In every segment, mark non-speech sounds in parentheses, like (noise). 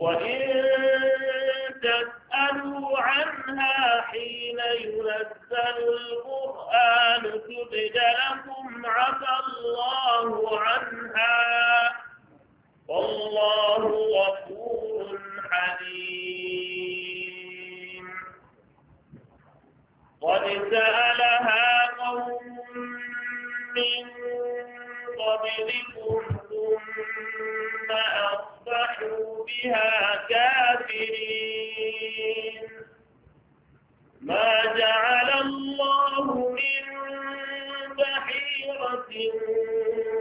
وإن تسألوا عنها حين ينزل القرآن تبد لكم عفى الله عنها والله غفور حليم قد سألها قوم من قبلكم ثم أطلعوا أصبحوا بها كافرين ما جعل الله من بحيرة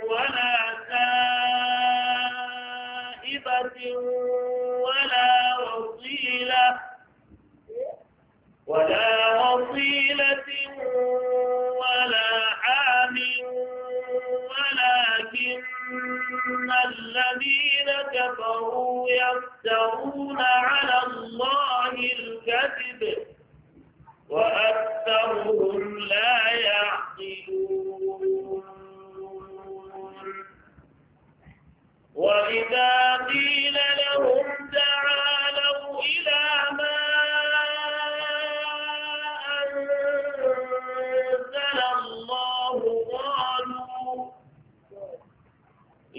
ولا سائبة ولا وصيلة ولا وصيلة الذين كفروا يفترون على الله الكذب وأكثرهم لا يعقلون وإذا قيل لهم تعالوا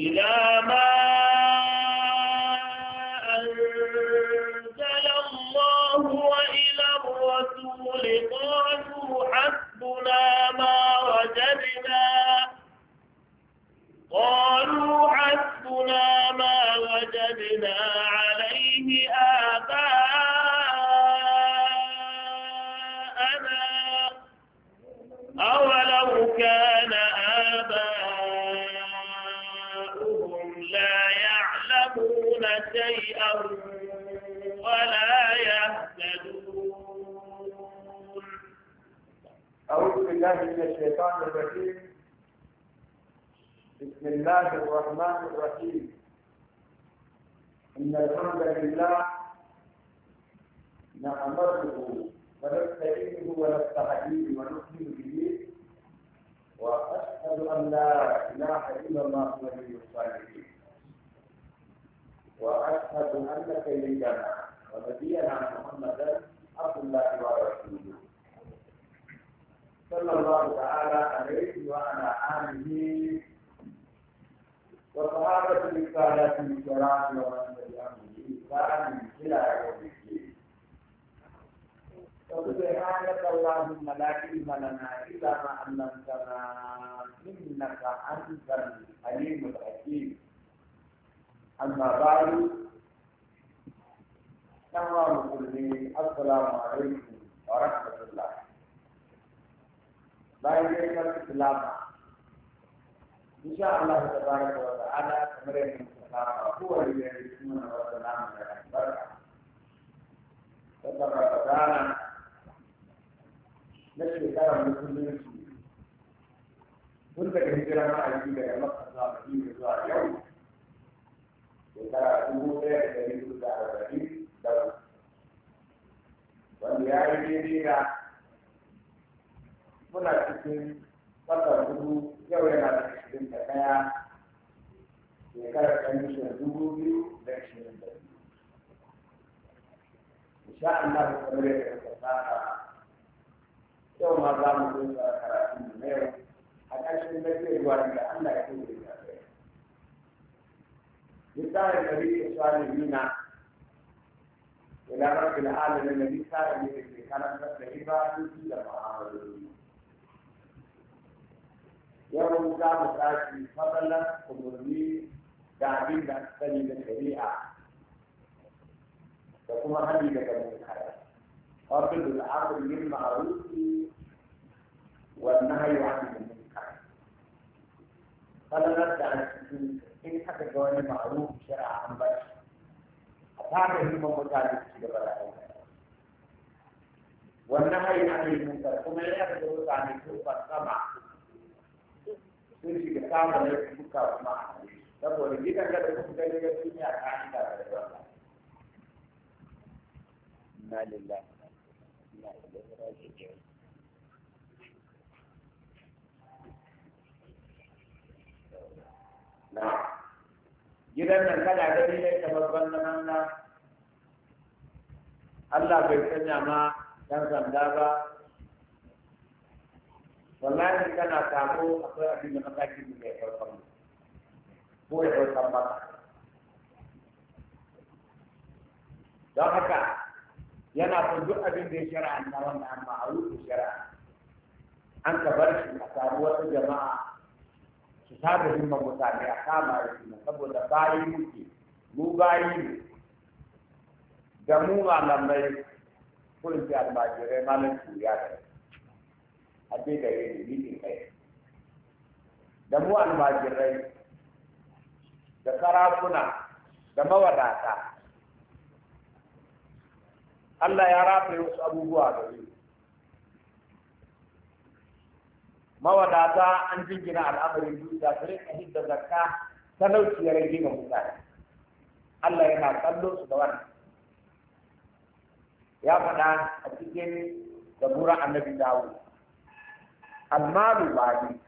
إلى ما أنزل الله وإلى الرسول قالوا حسبنا ما وجدنا قالوا حسبنا ما وجدنا عليه آباءنا أولو كان ولا يهتدون أعوذ بالله من الشيطان الرجيم بسم الله الرحمن الرحيم إن الحمد لله نعمته ونستعينه ونستهديه ونؤمن به وأشهد أن لا إله إلا الله شريك الصالحين واشهد ان سيدنا ونبينا محمدا عبد الله ورسوله صلى الله تعالى عليه وعلى اله وصحابه رسالته الكرام ومن تبعهم باحسان الى يوم الدين وسبحانك اللهم لا علم لنا الا ما علمتنا انك انت الحليم الحكيم أما بعد نحو مسلمين السلام عليكم ورحمة الله بعد ذلك السلام إن شاء الله تبارك وتعالى تمرين السلام هو الذي يسمون والسلام على البركة تبارك وتعالى نشر كل المسلمين كنت كثيرا ما أجيب مصر مكة صاحبي اليوم shekara dubu ɗaya da ɗari hudu da arba'in da wanda ya yi daidai da muna cikin wata dubu yau yana da ashirin da ɗaya shekarar kamishin dubu biyu da ashirin da biyu. Insha Allah da kamar yadda kuka saba yau ma za mu zo karatu na yau a ƙarshen na ke ruwa da Allah ya kai لسان النبي الصالحين إلى رب العالمين الذي كان بذكر كانت عبادته لما يوم كان تاتي فضلا أمرني داعين لأحسن الشريعة تقوم هذه من الحياة قبل الأمر بالمعروف والنهي عن المنكر فلا نبدأ عن السجود in haka ga wani ma'aruf shari'a an ba shi a fara himan mutane su gaba da aiki wannan hari na mai munkar kuma ya yaka da mutane su ba sama sun shiga samun da suka kuma a hari saboda gidan da da kuma gani da duniya ta shi da da wannan na lillahi na ilaihi raji'un na gidan nan kana gani ne kamar bannan na. Allah bai sanya ma dan sanda ba wallahi kana samu akwai abin da matakin da ya farkon ko ya farkon maka don haka yana son duk abin da ya shara'a na wannan amma a rufe shara'a an ka bar shi a samu wasu jama'a su tada himman mutane a kama da saboda bayi muke mu bayi ne da mu malamai kun ce almajirai malam tuya ne a ce da yi ne nufin kai. da mu almajirai da sarakuna da mawadata Allah ya rafe wasu abubuwa da yi mawadata an jingina al'amarin dukiya su rika hidda zakka talauci ya rage ga mutane Allah yana kallo su da wannan ya faɗa a cikin zaburan annabi dawo amma lubabi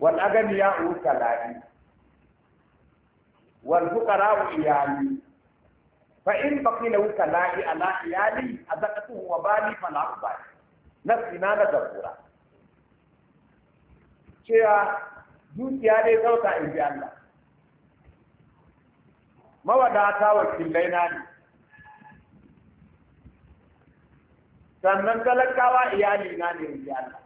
wal agani ya uka Wani wal fuqara iyali fa in baqila uka la'i ala iyali azaqatuhu wa bali fala ubali na sina na zabura cewa dukiya dai ɗauka in ji Allah mawadata wakilai na ne sannan talakawa iyali na ne in ji Allah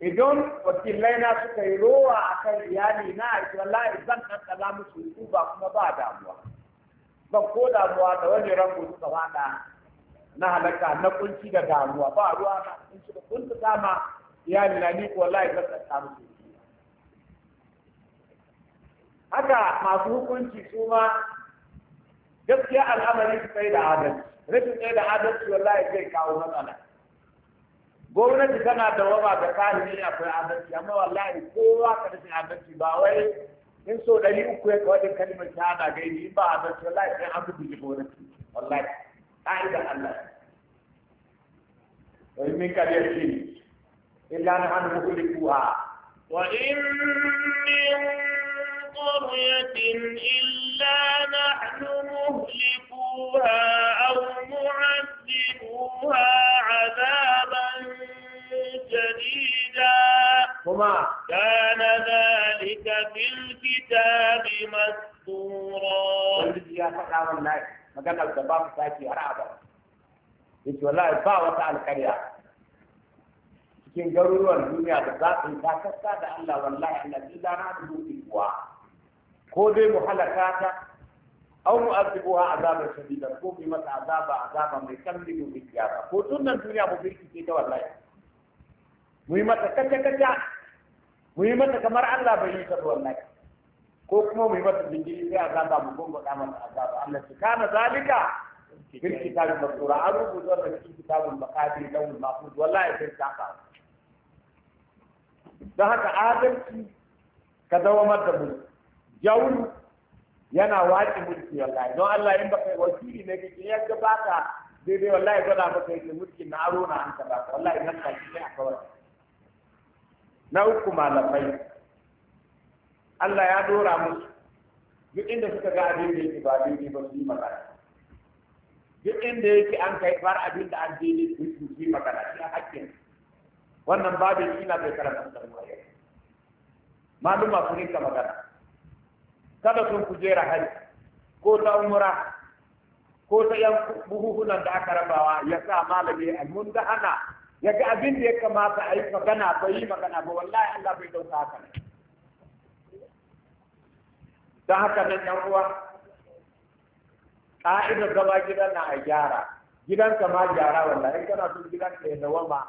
idan wakilai na suka yi rowa a kan iyali na a wallahi zan kankala musu ba kuma ba damuwa ban ko damuwa da wani rango suka faɗa na halaka na kunci da damuwa ba ruwa na in suka ta dama iyali na ni wallahi zan tsaka musu haka masu hukunci su ma gaskiya al'amarin su sai da adalci rashin sai da adalci wallahi zai kawo matsala gwamnati tana da wama da kahiri akwai adalci amma wallahi kowa ka rashin adalci ba wai in so ɗari uku ya kawai kalmar shahada gaini in ba adalci wallahi sai an rubuta gwamnati wallahi عند الله ومن كبير الجن إلا نحن مهلكوها وإن من قرية إلا نحن مهلكوها أو معذبوها عذابا شديدا هما كان ذلك في الكتاب مسطورا maganar da ba mu sake har abada yace wallahi ba wata alƙarya cikin garuruwan duniya da za su ta takasta da Allah wallahi Allah ji dana da dutse kuwa ko dai mu halaka ta aw mu azibuha azaban shadida ko bi mata azaba azaba mai kamli da bikiyara ko tunan duniya mu birkice ta wallahi mu yi mata kace kace mu yi mata kamar Allah bai yi ta wallahi ko kuma mu yi masa bindiri sai azaba mu gongo da masa azaba Allah shi kana zalika fil kitabin masura an rubuta da cikin kitabin maqadir lawul mahfuz wallahi sai ta ka don haka adalci ka dawamar da mu jaulu yana waƙi mulki wallahi don Allah in baka wakili ne kake ya ga baka daidai wallahi gwada maka yake mulki na aro na an ka baka wallahi nan ka shi a kawai na uku malamai Allah ya dora musu duk inda suka ga abin da yake ba daidai ba su yi magana duk inda yake an kai bar abin da addini su su yi magana shi a hakkin wannan babin ina bai karanta da mu yau maluma su rinka magana kada sun jera hari ko ta umra ko ta yan buhuhunan da aka rabawa ya sa malami mun da ana ya ga abin da ya kamata a yi magana bai yi magana ba wallahi Allah bai dauka haka ne don haka nan ɗan uwa ƙa'idar zama gidan na a gyara gidanka ma gyara wanda. in kana son gidanka ya ma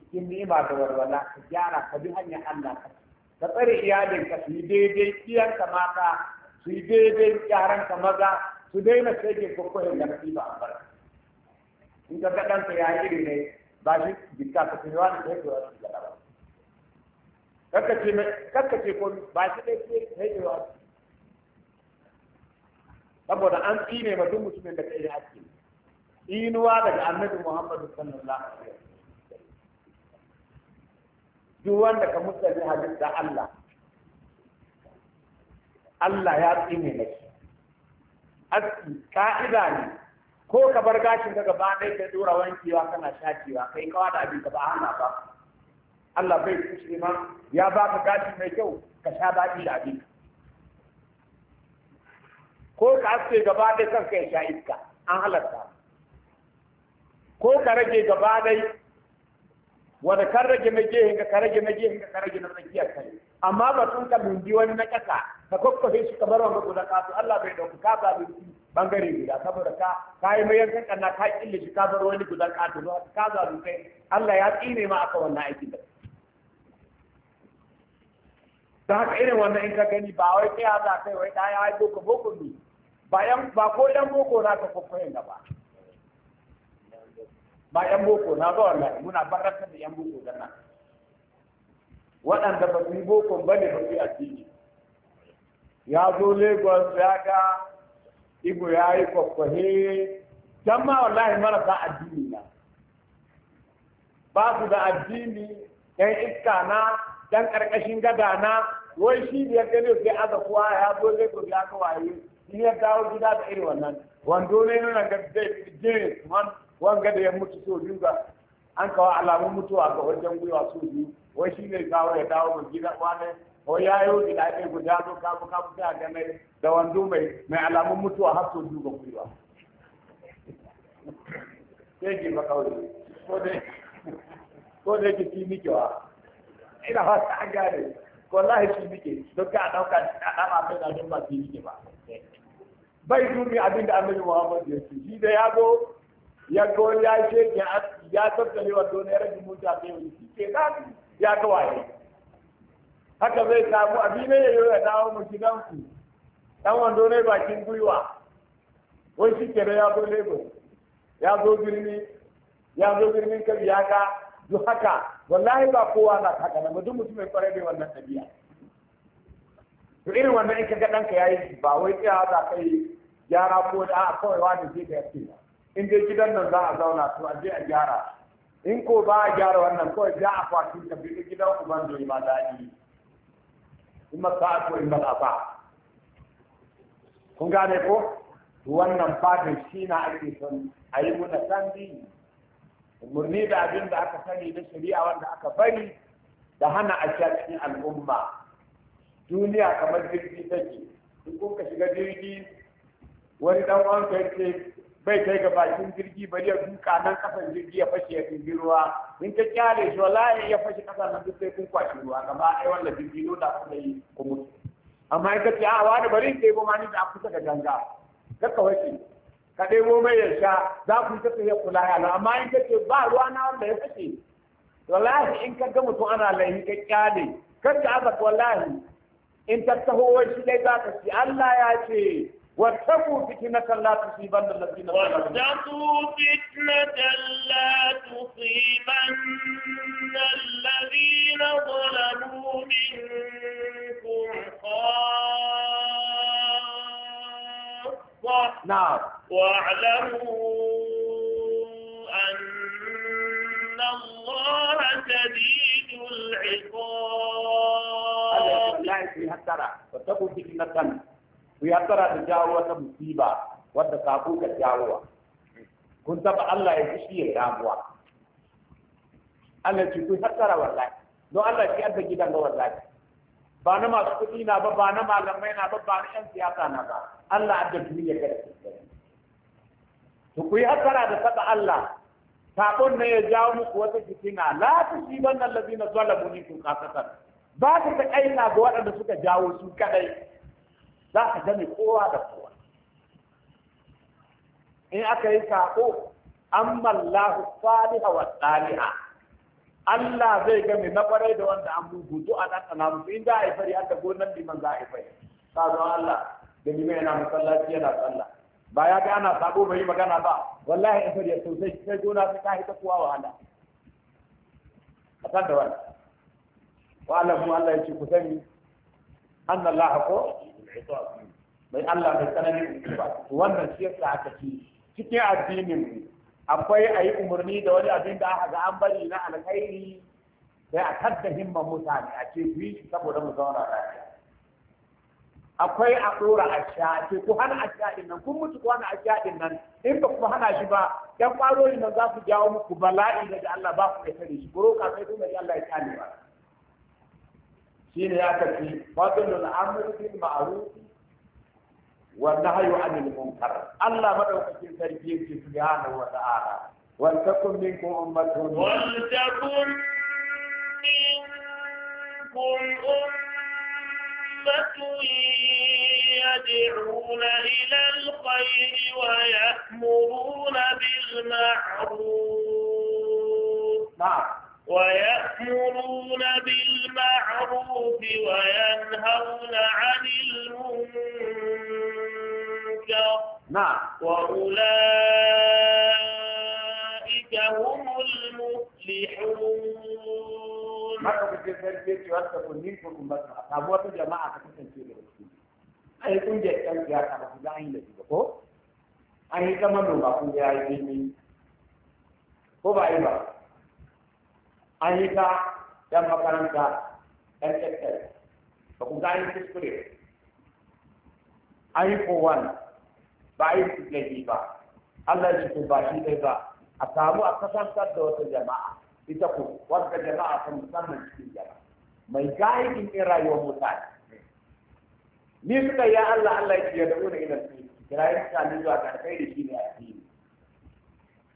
cikin nima da walwala ka gyara ka bi hanyar Allah ka ka tsare ka su yi daidai ka mata su yi daidai ka maza su daina sai kwakwahin da nasi ba a bar in ka ga ɗanka ya iri ne ba shi jikka ka fi wani sai ka wasu gaba kakkace ko ba shi ɗaya ke ka yi saboda an tsine ma duk mutumin da kai haƙƙi inuwa daga annabi Muhammadu sallallahu alaihi wasallam duk wanda ka musulmi halitta Allah Allah ya tsine maki aski ka'ida ne ko ka bar gashin daga ba ɗaya ka dora wankewa kana shakewa kai kawa da abin ka ba hana ba Allah bai kushe ma ya baka gashi mai kyau ka sha baki da abin ka. ko ka aske gaba dai kanka ya sha iska an halatta ko ka rage gaba dai wanda kan rage na gehen ka rage na gehen ka rage na tsakiyar kai amma ba sun ka bindi wani na ƙasa ka kokkofe shi ka bar wani guda kasu Allah bai dauki ka ba bangare guda saboda ka kai mai yankan kanna ka kille shi ka bar wani guda kasu ka zalu kai Allah ya tsine ma aka wannan aiki da ta haka irin wannan in ka gani ba wai kai za kai wai da ya haifo ka boko ne bayan ba ko yan boko na ka kokoyin da ba ba yan boko na ba wallahi muna barata da yan boko da nan waɗanda ba su yi boko ba ne ba su yi addini ya zo lagos ya ga igbo ya yi kwakwahe can ma wallahi marasa addini na ba su da addini ɗan iska na ɗan ƙarƙashin gada na wai shi biyar gani sai aza kowa ya zo lagos ya ga waye in ya dawo gida da irin wannan wando ne nuna ga jini wanga da ya mutu so biyu an kawo alamun mutuwa ga wajen gwiwa so biyu wai shi ne kawo ya dawo ga gida wane ko ya yi wani da guda zo da wando mai mai alamun mutuwa har so biyu ga gwiwa sai a bai dubi abin da annabi Muhammad ya ce shi da yago ya go ya ce ya ya tattale wa don rage mutum sai wani shi ke da ya waye haka zai samu abin ne ya ya dawo mu gidan ku dan wando ne bakin gwiwa wai shi ke da ya zo Lagos ya zo birni ya zo birnin kabi ya ga du haka wallahi ba kowa na haka nan duk mutum mai kware da wannan tabiya to irin wannan in ka ga danka yayi yi ba wai tsaya za ka yi gyara ko da a kawai wani zai da yake in dai gidan nan za a zauna to a je a gyara in ko ba a gyara wannan kawai za a kwaci ka bi gidan ku ban doyi ma daɗi in ma ka ko in ba ba kun gane ko wannan fatan shi na ake son a yi muna sandi murni da abin da aka sani na shari'a wanda aka bari da hana a cikin al'umma duniya kamar jirgi take in kun ka shiga jirgi wani dan wanka ya ce bai kai ga bakin jirgi bari ya duka nan kasan jirgi ya fashe ya jirgi ruwa in ka kyale shi wallahi ya fashe kasa nan duk sai kun kwashi ruwa gaba ɗaya wannan jirgi da kuma yi kuma mutu amma in ka ce a wani bari in yi goma ni da kusa da ganga ka wace ka ɗebo mai ya sha za ku yi ta ya kula ya amma in ka ce ba ruwa na wanda ya fashe wallahi in ka ga mutum ana laihi ka kyale Kar ka wallahi in ta taho wai shi dai za ka ce Allah ya ce واتقوا فتنة لا تصيبن الذين واتقوا فتنة لا تصيبن الذين ظلموا منكم خاصة نعم واعلموا أن الله شديد العقاب لا يسمى هذا واتقوا فتنة ku ya tara da jawo wata musiba wadda sabo ka jawowa kun taba Allah ya fushi ya damuwa Allah ce ku hattara wallahi don Allah ya adda gidan ga wallahi ba na masu kuɗi na ba ba na malamai na ba ba na yan siyasa na ba Allah ya adda duniya ga to ku yi hattara da saba Allah sabon ne ya jawo muku wata fitina la tusibanna allazina zalamu minkum khasatan ba ta kaina ga waɗanda suka jawo su kadai za ka gane kowa da kowa in aka yi saƙo an mallahu saliha wa saliha Allah zai game na kwarai da wanda an bugu a ɗan ɗana musu in da a yi fari har da gonan liman za a yi fari ta zo Allah da liman yana masallaci yana sallah ba ya ga ana saƙo mai magana ba wallahi in fari sosai sai gona sai ta hita kowa wahala a san da wani wa Allah mu Allah ya ce ku sani an Allah ko iqab mai Allah mai tsananin hukuma to wannan shi yasa aka ci cikin addinin akwai a yi umarni da wani abin da aka ga an bari na alkhairi sai a kadda himman mutane a ce ku yi saboda mu zauna lafiya akwai a ɗora a sha ce ku hana a sha ɗin nan kun mutu ku hana a sha ɗin nan in ba ku hana shi ba 'yan ƙwarorin nan za su jawo muku bala'i daga Allah ba ku da shi ku roƙa sai kuma Allah ya kare ba يا كثير فضل الأمر بالمعروف والنهي عن المنكر الله مدعوك في تربية سبحانه وتعالى ولتكن منكم أمة ولتكن منكم أمة يدعون إلى الخير ويأمرون بالمعروف نعم ويأمرون بالمعروف وينهون عن المنكر نعم وأولئك هم المفلحون ما كنت تفكر وأنت منكم بس أبوات جماعة كنت تفكر ai kungiyar ɗan siyasa ba su ga an yi da ba ko an yi zama noma kungiya yi ko ba yi ayyuka yan makaranta yan ba ku gani kuskure ayyuko wani ba a yi ba Allah shi ba shi ɗai ba a samu a kasantar da wata jama'a ita ku wata jama'a ta musamman cikin jama'a mai gayi in rayuwar mutane ni suka yi Allah Allah ya da wani ina su kirayen mutane zuwa ga alkhairi shi ne addini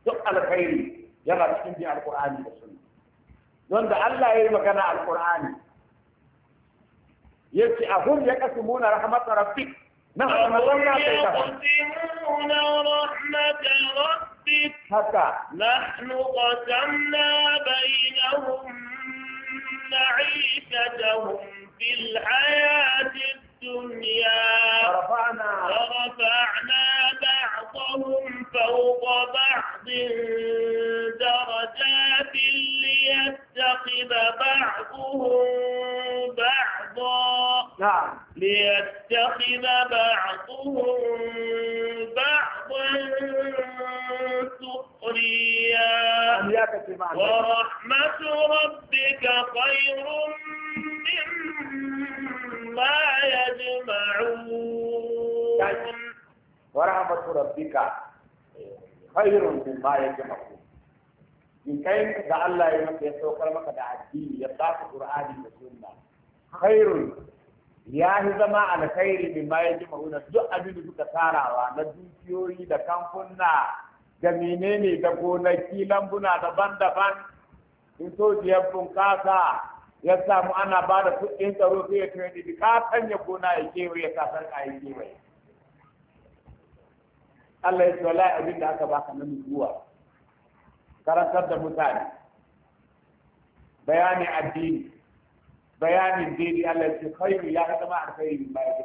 duk alkhairi yana cikin biyar alkur'ani da sunna don da Allah ya yi magana alƙur'ani ya ce a hun ya kasu muna rahmat rabbik na rahmatan na sai ta haka نحن قسمنا بينهم معيشتهم في الحياة الدنيا ورفعنا بعضهم فوق بعض درجات ليتخذ بعضهم بعضا نعم ليتخذ بعضهم بعضا سخريا ورحمة ربك خير مما يجمعون طيب. ورحمة ربك khairun min ma yajma'u in kai da Allah ya maka ya saukar maka da addini ya ba baka Qur'ani da Sunna khairun ya yi zama alkhairi min ma yajma'u duk abin da suka tarawa na dukiyoyi da kamfuna da menene da gonaki lambuna daban-daban in so ya bunkasa ya samu ana ba da kuɗin tsaro sai ya tuni da ka ya gona ya kewaye ka sarƙa ya kewaye Allah ya ce wallahi abin da aka baka na nubuwa karantar da mutane bayanin addini bayanin dini Allah ya ce khairu ya ka zama alkhairi ma ya ji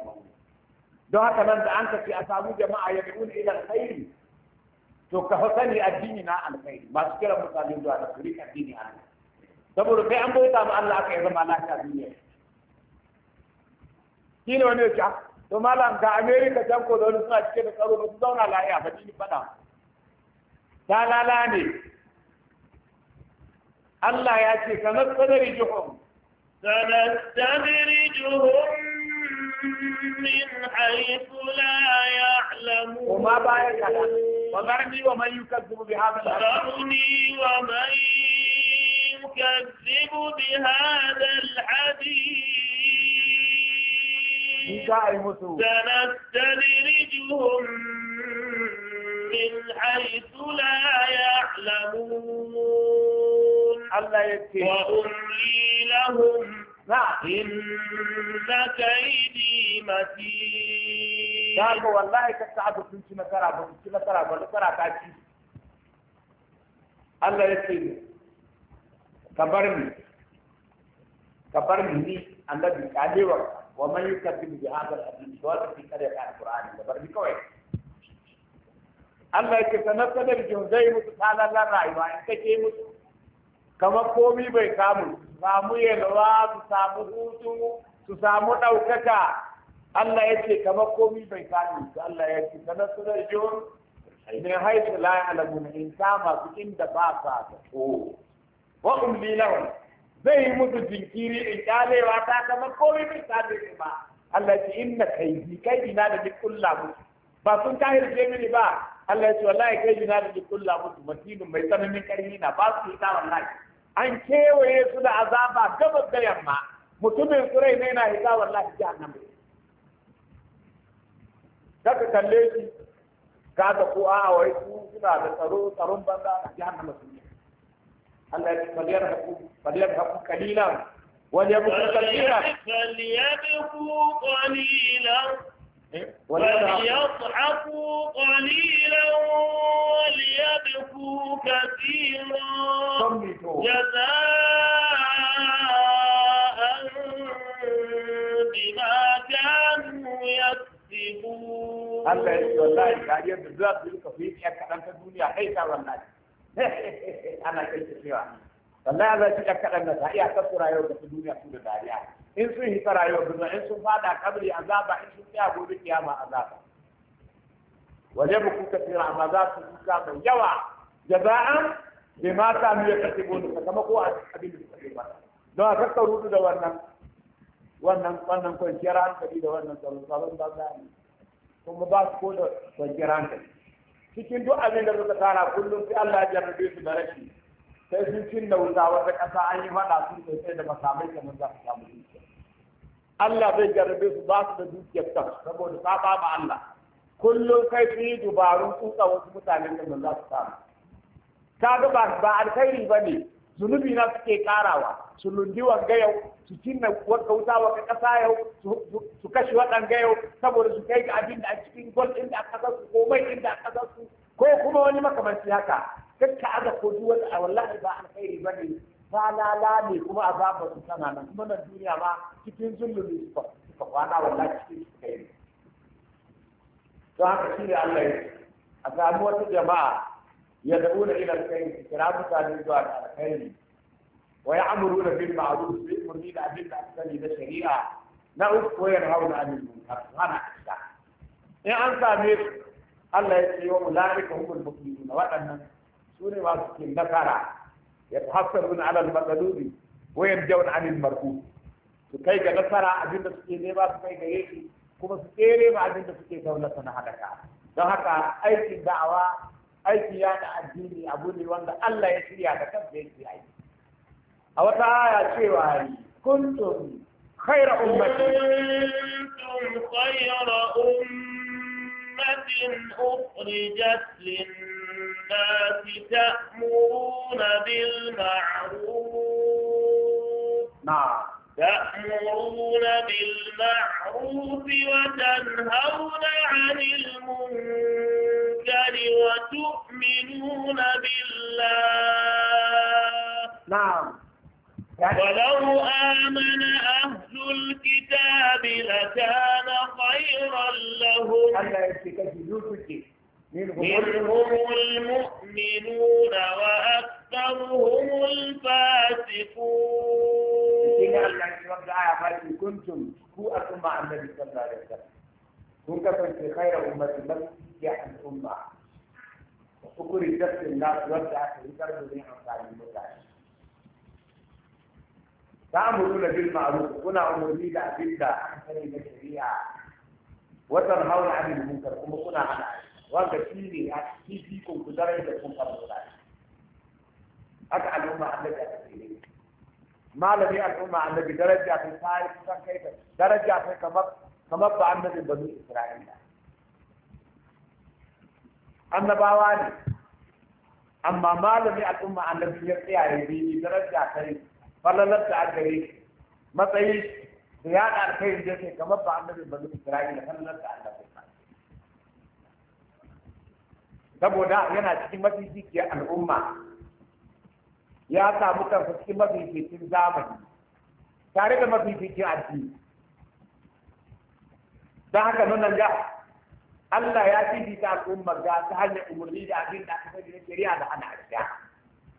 don haka nan da an ka ce a samu jama'a ya bi ila khairi to ka sani addini na alkhairi masu kira mutane zuwa da su rika addini Allah saboda kai an bauta ma Allah aka yi zama lafiya duniya shi ne wani ya ce ah, to malam ga america can ko da wani suna cike da tsaro ba su zauna lafiya ba ni fada ta lala ne Allah ya ce ka nasadari juhum sanastadrijuhum min haythu la ya'lamun kuma baya kada وذرني ومن يكذب بهذا وذرني ومن يكذب بهذا الحديث سنستدرجهم من حيث لا يعلمون وأملي لهم نعم. إن كيدي متين قال والله كتعب كنت مكرا كنت مكرا مكرا كاكي الله يكفي كبرني كبرني أنا عليه وقت wa man yukazzibu bi hadha al-hadith wa fi qari'a al-qur'an da barbi kawai Allah yake sanar da jin zai mutu talalan rayuwa in kake mutu kamar komi bai samu samu yalwa su samu hutu su samu ɗaukaka Allah ya ce kamar komi bai samu su Allah ya ce sanar da jin ne haisu la ya'lamu in kama su inda ba sa ta ko wa umli lahum zai yi musu jinkiri in kyalewa ta zama komai bai same ne ba Allah ya ce inna kaidi kai na da duk kulla musu ba sun kahirce mini ba Allah ya ce wallahi kai na da duk kulla musu matinin mai tsananin karfi na ba su yi ta wallahi an kewaye su da azaba gabas da yamma mutumin surai ne na hita wallahi jahannama kaka kalle shi kaga ko a wai su suna da tsaro tsaron banza a na su Allah ya falyarhaku falyarhaku qalilan وليبكوا كثيرا فليبكوا قليلا وليضحكوا قليلا وليبكوا كثيرا جزاء بما كانوا يكسبون الله يقول لا يا جزاء بالكفيل يا كلام الدنيا حيث والله (laughs) ana kai cewa wallahi za su kakkaɗan na sa'iya ta su rayuwar da su duniya su da dariya in sun hita rayuwar duniya in sun fada kabri azaba in sun tsaya gobe kiyama azaba waje ba kuka tsira amma za su kuka mai yawa jaza'an bai ma samu ya kashe gobe sakamako a abin da suka yi ba don a kakka rudu da wannan wannan wannan kwanciyar hankali da wannan tsaron tsaron ba za kuma ba su ko da kwanciyar hankali cikin duk abin da suka tara kullum fi Allah ya jarrabe su da rashi sai sun cin da wuta wata ƙasa an yi faɗa su sosai da makamai kamar za su samu dukiya Allah zai jarrabe su ba su da dukiyar ta saboda saba ma Allah kullum kai su yi dubarun tsutsa wasu mutanen da za su samu ta ga ba alkhairi ba ne zunubi na suke karawa su lundi wanga yau su cinna wata wuta wata ƙasa yau su kashe waɗanga yau saboda su kai ga abin da a cikin gol inda a ƙasar su ko mai inda a ƙasar su ko kuma wani makamanci haka kakka aza ko duk wani a wallahi ba alkhairi ba ne ba lala ne kuma a zaba su sana nan kuma nan duniya ma cikin zulumi suka suka kwana wallahi cikin su kai ne. Don haka shi ne Allah ya a samu wata jama'a Yanabuda ina kai su kira mutane zuwa da tafayilu. Wa ya amurur da bin ma'aikus biyu, murni da abinda a sani na shari'a. Na uku koyon hauna a min wuta In an same duka, Allah ya ce wa mu lalika hukun mutugun da waɗannan. Su ne masu cikin nasara. Ya tafkar min alalma da lumi. Woyan jawon amin bar ku. Su ga nasara abinda su ke ne masu kai ka yi. Kuma su kai ne ma abinda su ke ta hadaka Don haka aikin da'awa. aiki ya da addini abu ne wanda Allah ya shirya da kansa yake aiki a wata aya cewa yi kuntum khayra ummati kuntum khayra ummatin ukhrijat للناس تأمرون بالمعروف نعم تأمرون بالمعروف وتنهون عن المنكر وتؤمنون بالله نعم ولو آمن أهل الكتاب لكان خيرا لهم منهم المؤمنون وأكثرهم الفاسقون إن آية كنتم كوأكم مع النبي صلى الله عليه وسلم كنتم في خير أمة من يحمل أمة فكل الدفت الناس وردعة الهدر بذين عمتاني المتاعي تعملون بالمعروف كنا عمري لا بلا عن سنة الشريعة وتنهون عن المنكر كما كنا عن وانك فيني اكتي يعني فيكم كدرين لكم قبل أجعل أمة عندك أكثرين ما لم يأت أمة عندك درجة في السائل كيف درجة في كمبع عندك بني إسرائيل annabawa ne amma malami al'umma annabi ya tsaya ya bi daraja kai falalar da aka matsayi da ya da kai da ke kamar ba annabi ba zai kira da falalar da annabi saboda yana cikin mafificiyar al'umma ya samu kansa cikin mafificin zamani tare da mafificin addini don haka nan ga Allah ya ta al'ummar ga ta hanyar umarni da abin da aka sani na shari'a da ana ajiya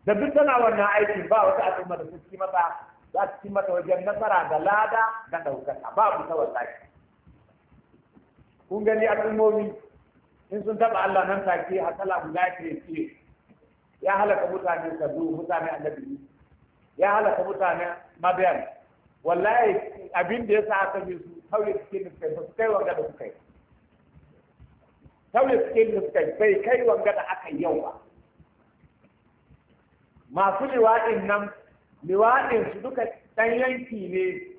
da duk tana wannan aikin ba wata al'umma da suke mata za su ci mata wajen nasara da lada da ba babu ta wallahi kun gani al'ummomi in sun taɓa Allah nan take hasala guda ke ce ya halaka mutane sabu mutane annabi ya halaka mutane mabiyan wallahi abin da ya sa aka yi su kauye suke nufai ba su kai wanda da su kai sauye suke da bai kai wanga da aka yau ba masu liwaɗin nan liwaɗin su duka ɗan yanki ne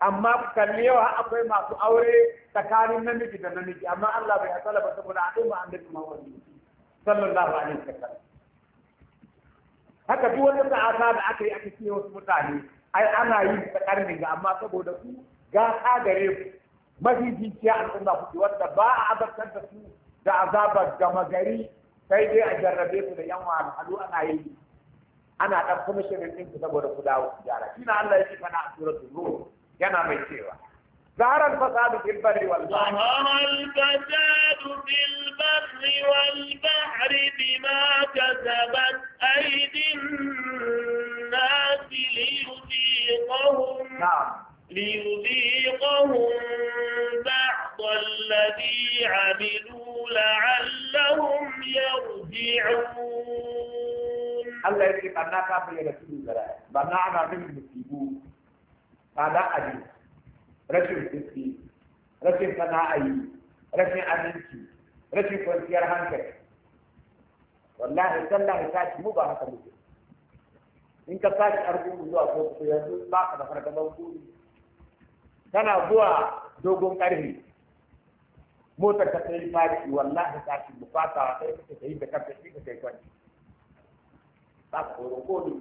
amma kalli yawa akwai masu aure tsakanin namiji da namiji amma Allah bai hasala ba saboda a ɗin ma'amadu ne, sallallahu alaihi wa sallam haka duk wata ta'ata da aka yi aka ce wasu mutane ai ana yi ta karni ga amma saboda su gasa gare ku mafi jijiya al'umma kuke wanda ba a azabtar da su da azabar gama gari sai dai a jarrabe su da yan wahalhalu ana yi ana ɗan kuma shirin ɗin su saboda ku dawo su gyara shi na Allah ya ce fana a yana mai cewa zaharar fasadu fil barri wal bahri zaharar fasadu fil barri wal bahri bima kasabat aydin nasi liyuziqahum na'am ليذيقهم بعض الذي عملوا لعلهم يرجعون الله يجب أن نقف إلى رسول الله بنعنا من المسيبون هذا أجل رسول تسكي رسول صناعي رسول أمينتي رسول فنسير هنكر والله تالله تاتي مو بها إنك كتاش أرجو الله فوق في يدوك باقي موجود tana zuwa dogon ƙarfi motar ta sai fari wallahi ta ci bukata sai ka ta da kafin shi ka kai kwanci ta koro ko kodi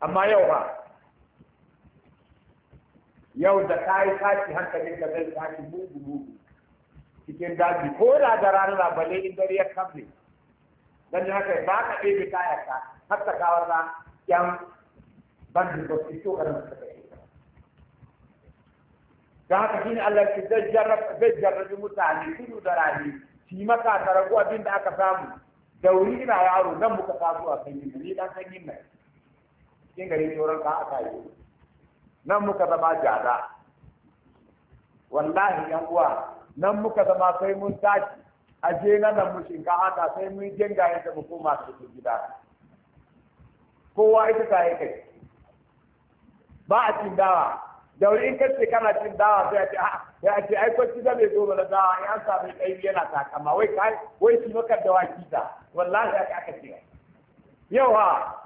amma yau ba yau da ka yi tashi hankalin ka zai tashi mugu mugu cikin daji ko da da rana bale in dare ya kamle dan ya kai ba ka ɗebe kaya ka har ta kawar ta yan bandin ba su to ka kai. da haka shi ne Allah ke zai jarrabi mutane tudu da rani shi maka tarago abin da aka samu da wuri ina yaro nan muka taso a da ne dan sanyin nan cikin gari tsoron ka aka yi nan muka zama jada wallahi yan uwa nan muka zama sai mun tashi a je na nan mun shinkafa ta sai mun jenga yadda mu koma su gida kowa ita ta yi kai ba a cin dawa da wuri in kace kana cin dawa sai a ce a ah, ya ce ai ko ci zabe zo bala dawa ya sa kai yana takama wai kai wai shi maka da waki da wallahi aka aka ce yau ha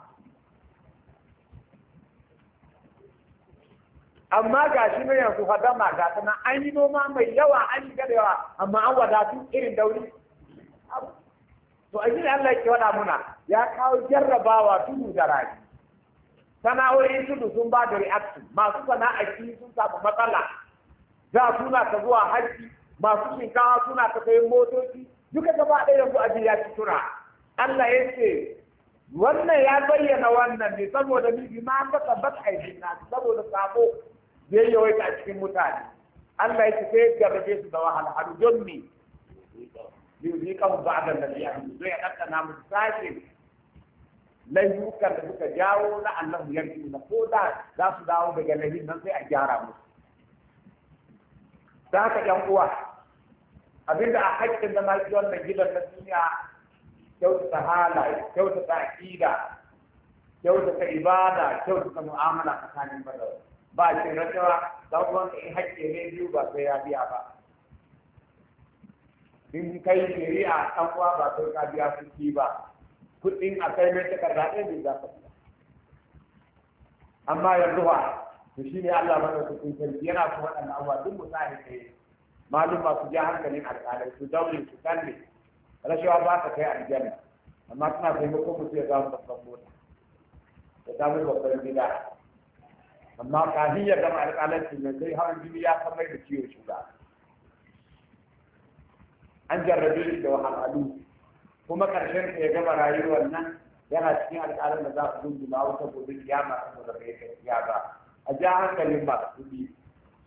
amma ga shi ne yanzu hadama ga tana an yi noma mai yawa an yi gada yawa amma an wadatu irin dauri to a Allah ke wada muna ya kawo jarrabawa tudu da rani sana'o'in tudu sun ba da reaction masu sana'ar sun samu matsala za suna ta zuwa hajji masu shinkawa suna ta kai motoci duka gaba ɗaya yanzu abin ya ci tura Allah ya ce wannan ya bayyana wannan ne saboda ni bi ma ka a na saboda sabo da yawaita a cikin mutane Allah ya ce sai rabe su da wahala don ne ni ni kan ba da don ya kanta musu sai layyukan da suka jawo na ya yarki na ko da za su dawo daga lahin nan sai a gyara musu da haka yan uwa abinda a haƙƙin da masu wannan gidan na duniya kyautata halaye kyautata aƙida kyautata ibada kyautata mu'amala tsakanin bada ba shi rashawa za ku wanka in haƙƙi ne biyu ba sai ya biya ba in kai shari'a ɗan uwa ba sai ka biya su ki ba kuɗin a kai mai takarda ɗaya bai za ka amma yanzu ba to shi ne Allah mana su kun sarki yana kuma ɗan abuwa duk misali ne malum ba su ja hankalin al'adar su daure su kalle rashawa ba ta kai aljanna amma suna taimakon mutum ya samu babban mota ya samu babban gida amma kafin ya gama alƙalanci ne sai hawan jini ya san mai da ciwon an jarrabe shi da wahalhalu kuma karshen ya gama rayuwar nan yana cikin alƙalin da za su dundula wata gobe kiyama saboda bai gaskiya ba a ja hankalin su kuɗi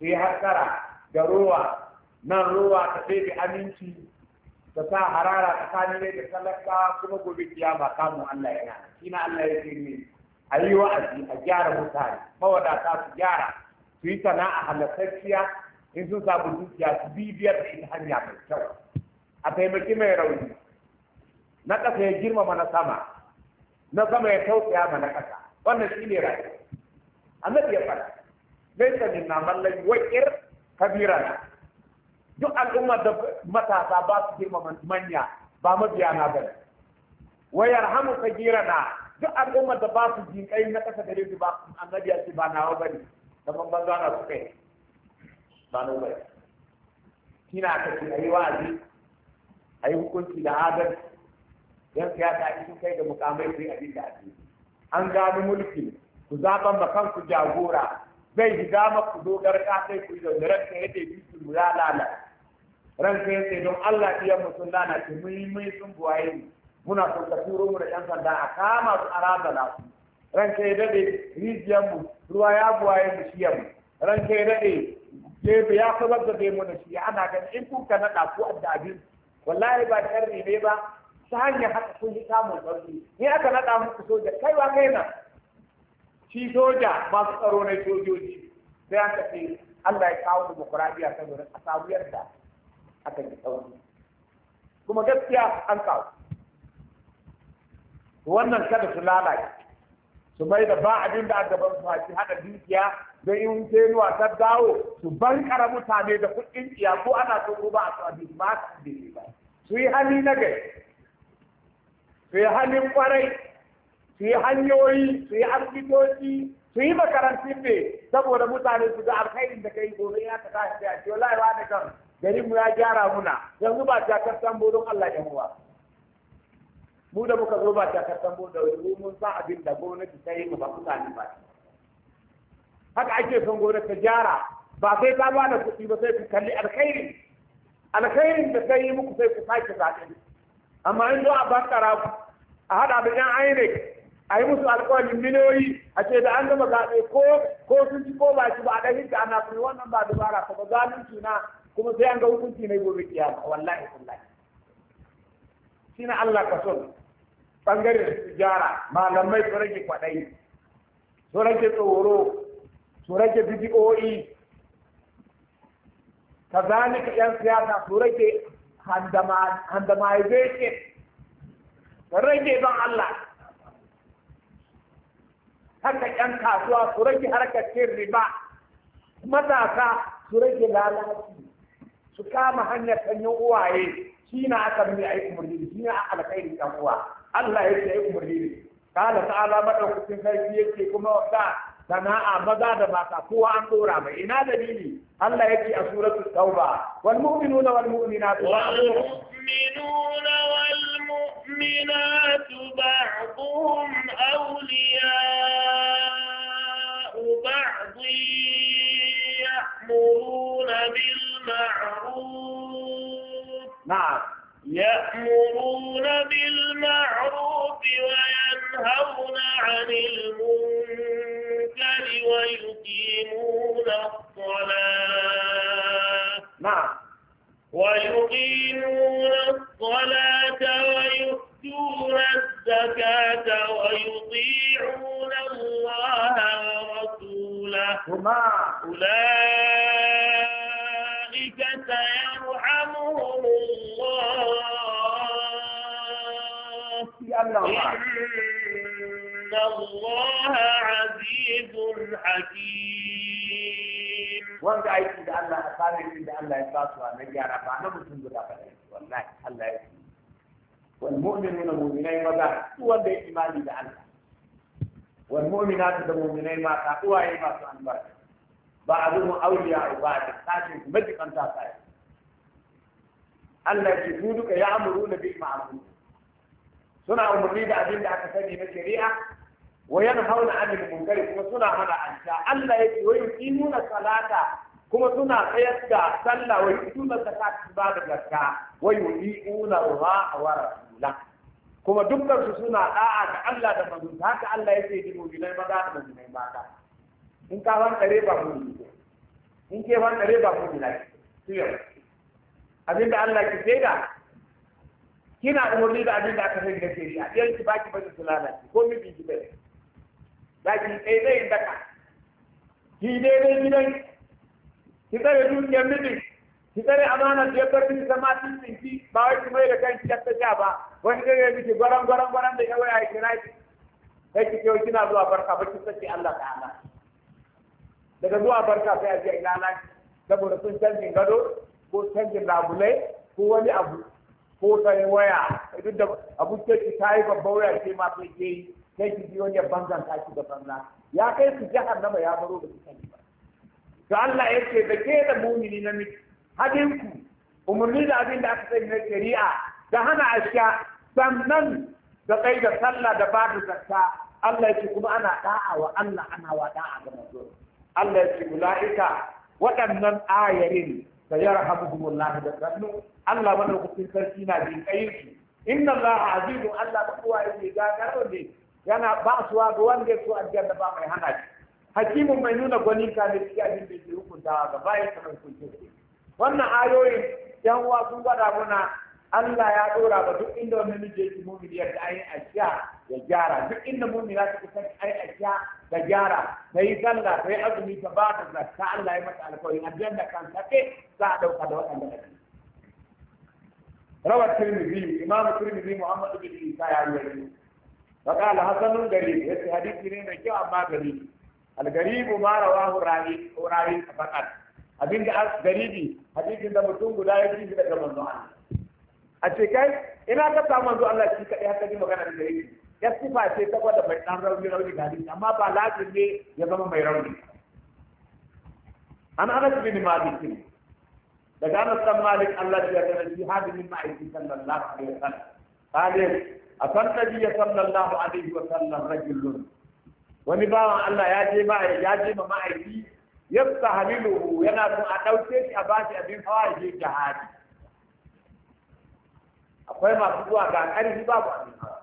sai tsara da ruwa nan ruwa ta sai da aminci ta sa harara sa nile da talaka kuma gobe kiyama kamun Allah yana shi na Allah ya ce ne a yi wa'azi a gyara mutane mawadata su gyara su yi sana'a halattacciya in sun samu dukiya su bibiyar da ita hanya mai kyau a taimaki mai rauni na ƙasa ya girmama na sama na sama ya tausaya ma na ƙasa wannan shi ne rayuwa annabi ya faɗa laisa na man lam kabira kabirana duk al'umma da matasa ba su girmama manya ba mabiya na bane wa yarhamu na duk al'umma da ba su jinƙai na ƙasa gare su ba annabi ya ce ba nawa bane kamar banza na su kai ba nawa bane kina ka ce yi wa'azi yi hukunci da adalci yan siyasa sun kai da mukamai sai abin da ake an gano mulki ku zaɓan ma kanku jagora zai ji dama ku zo garka sai ku yi zaune ranka ya ce bisu mu ya lala ranka yadda don Allah iya mutum lana ce mun mun sun buwaye mu muna son ka turo mu da yan sanda a kama su a razana su ranka ya daɗe rijiyar mu ruwa ya buwaye mu shiyar mu ranka ya daɗe gefe ya kuma gabe mu da shi ana ganin in kuka naɗa ko da wallahi ba sharri ne ba ta hanyar haka kun yi samun barci ni aka naɗa muku soja kaiwa kaina shi soja masu tsaro na sojoji sai aka ce Allah ya kawo ta saboda a samu yadda aka yi sauri kuma gaskiya an kawo wannan kada su lalace su mai da ba abin da aka ban fashi hada dukiya don in nuwa ta dawo su bankara mutane da kudin iyaku. ko ana so ko ba a tsabi ba su yi hali na gari su yi hannun kwarai su yi hanyoyi su yi asibitoci su yi makarantun ne saboda mutane su ga alkhairin da kai gobe ya ta tashi a ce wallahi wa da kan garin mu ya gyara muna yanzu ba ta kasan bodon Allah ya muwa mu da muka zo ba ta kasan bodon wani mun sa abin da gwamnati ta yi ba mutane ba haka ake son gona ta gyara ba sai ta ba da kuɗi ba sai ku kalli alkhairin alkhairin da ta yi muku sai ku sake zaɓe amma in zo a bankara a haɗa da yan INEC a yi musu alƙawarin miliyoyi a ce da an gama zaɓe ko ko sun ci ko ba ci ba a ɗan hinta ana kuma wannan ba dubara kuma ba zalunci na kuma sai an ga hukunci na gobe kiyama wallahi wallahi shi na Allah ka son bangaren jara malamai su rage kwaɗayi su rage tsoro su rage bidiyoyi kazalika yan siyasa su rage handamization rage ban Allah haka ‘yan kasuwa su rage harkar cin riba matasa su rage lalaci su kama hanyar sanyin uwaye shi na aka nuna a yi umarni shi na a alkhairi ɗan uwa Allah ya ce a yi umarni da kala ta'ala madaukakin sarki yake kuma wata sana'a maza da mata kowa an dora mai ina dalili Allah yake a suratul tauba wal mu'minuna wal mu'minatu wal mu'minuna wal mu'minatu ba'dhum awliya'u ba'd ya'muruna bil ma'ruf na'am يأمرون بالمعروف وينهون عن المنكر المنكر ويقيمون الصلاة نعم ويقيمون الصلاة ويؤتون الزكاة ويطيعون الله ورسوله أولئك سيرحمهم الله إن الله عزيز حكيم وانت عايز إن الله أصابك إن الله يباسوا أن يجارة فأنا مسلم بلا فلأي والله الله يسلم والمؤمن من المؤمنين وذا هو الإيمان بالله والمؤمنات من المؤمنين ما تقوى ما تنبر بعضهم أولياء بعض لكن مجد أن تأتي الله يجدونك يأمرون بالمعروف suna umarni da abin da aka sani na shari'a wa yanhauna 'anil munkari kuma suna hana anta Allah ya yake wa yuqimuna salata kuma suna tsayar da sallah wa yuqimuna zakata su ba da zakka wa yuqimuna Allah wa rasula kuma dukkan su suna da'a ga Allah da manzon haka Allah ya yake yi mu'minai maza da ba ka. in ka wan dare ba mu in ke wan dare ba mu ne tiyo abinda Allah ke sai da kina umarni da abin da aka sai da ke shi a yanki baki ba su lalace ko miji ki bai ɗakin kai zai daka ki daidai gidan ki tsare dukiyar mijin ki tsare amana da ya bar miki zama cikin ki ba wai ki mai da kanki da ta sha ba wani zai yi miki gwaran gwaran gwaran da yawa ya kira ki sai ki ce kina zuwa barka ba ki saki Allah ta'ala daga zuwa barka sai a je ina saboda sun canjin gado ko canjin labulai ko wani abu ko sai waya duk da abu ce ki tayi babbar waya ce ma sai ke yi sai ki biyo ne banzan ta ki da banza ya kai su jahannama ya baro da kuka ba to Allah yake da ke da mumini na miki hadin ku umurni da abin da aka sai na shari'a da hana aska sannan da kai da sallah da ba da zakka Allah yake kuma ana da'a wa Allah ana wa da'a ga manzo Allah yake ulaika waɗannan ayarin da da sannu Allah madaukakin sarki na bin kai inna Allah azizun Allah ba kowa yake ne yana ba wa ga wanda ya so da ba mai hana shi hakimin mai nuna gwani ka ne cikin abin da ke hukunta ga bayan kamar kunce wannan ayoyin yan uwa sun gwada muna Allah ya dora ba duk inda wani miji yake mumini ya da ayi ajiya ya gyara duk inda mumini za ta kusa ayi ajiya da gyara ta yi sallah ta yi azumi ta ba da zakka Allah ya mata alƙawari aljanna kan take za a ɗauka da waɗanda ke. rawar tirmidhi imam tirmidhi muhammad bin isa ya yi فقال حسن غريب يس حديث ne mai kyau amma garibi al-garibu ma rawahu rawi rawi faqat abinda as garibi hadisin da mutum guda ya ji daga manzo Allah a ce kai ina ka samu manzo Allah shi kadai haka ji magana da garibi ya sifa ce saboda bai dan rauni rauni ga hadisi amma ba lazim ne ya zama mai rauni an anas bin malik daga anas bin malik Allah ya tsare shi hadin min ma'aikatan sallallahu alaihi wasallam قال أتى النبي صلى الله عليه وسلم رجل ونباع الله ياجي ما ياجي ما يجي يستحمله ينادم أدوتي أباشي أبين فواجه جهادي akwai masu zuwa ga ƙarfi babu abin hawa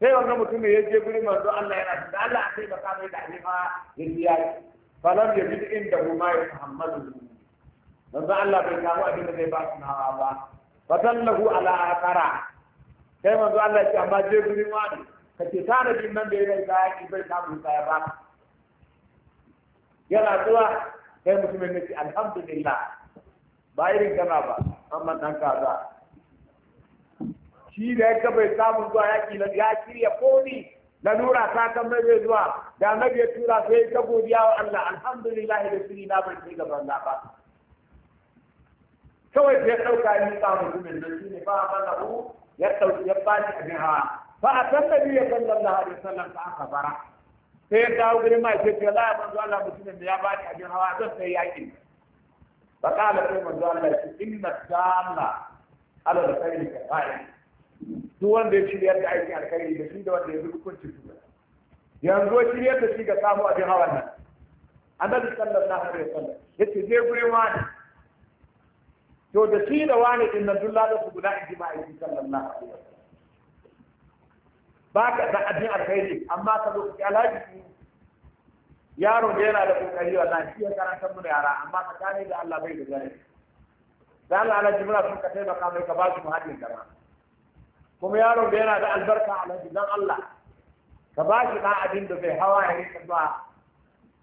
sai wannan mutum ya je guri manzo Allah yana da Allah sai ba kamar da alima ya biya falam ya bi inda huma ya muhammadu manzo Allah bai samu abin da zai ba su hawa ba fatallahu ala aqara kai manzo Allah ce amma je ma ne ka ce tanadin nan da yana da yaki bai samu sai ba yana zuwa kai mutumin ne ce alhamdulillah ba irin kana ba amma dan kaza shi da ya bai samu zuwa yaki na ya shirya da nura ta kan mai zuwa da nabi ya tura sai ta godiya wa Allah alhamdulillah da sirri na bai ci gaban Allah ba kawai ya ɗauka ni ba mutumin da shi ne ba a mallahu ya ɗauki ya ba shi abin hawa fa a san da biyu ya san sallallahu alaihi sallan ta aka bara sai ya dawo gurin ma sai ya la'a manzo Allah mutumin da ya ba shi abin hawa zan sai yakin ba kala sai manzo Allah shi ce inna dalla ala ne ka fa'i duk wanda ya shirya da aiki alkhairi da shi da wanda ya bi hukuncin su yanzu ya shirya da shi ga samu abin hawan nan annabi sallallahu alaihi wasallam yace je gurin wani to da shi da wani din nan duk da su guda in ji ma'aikin sallallahu alaihi wasallam ba ka da abin alkhairi amma ka zo ki alhaji yaro da yana da kokari nan shi ya karanta mu yara amma tsakani da Allah bai da gani da Allah alhaji muna son ka taimaka mai ka ba su muhaddin dama kuma yaron da yana da albarka alhaji dan Allah ka ba shi dan abin da bai hawa ya rika ba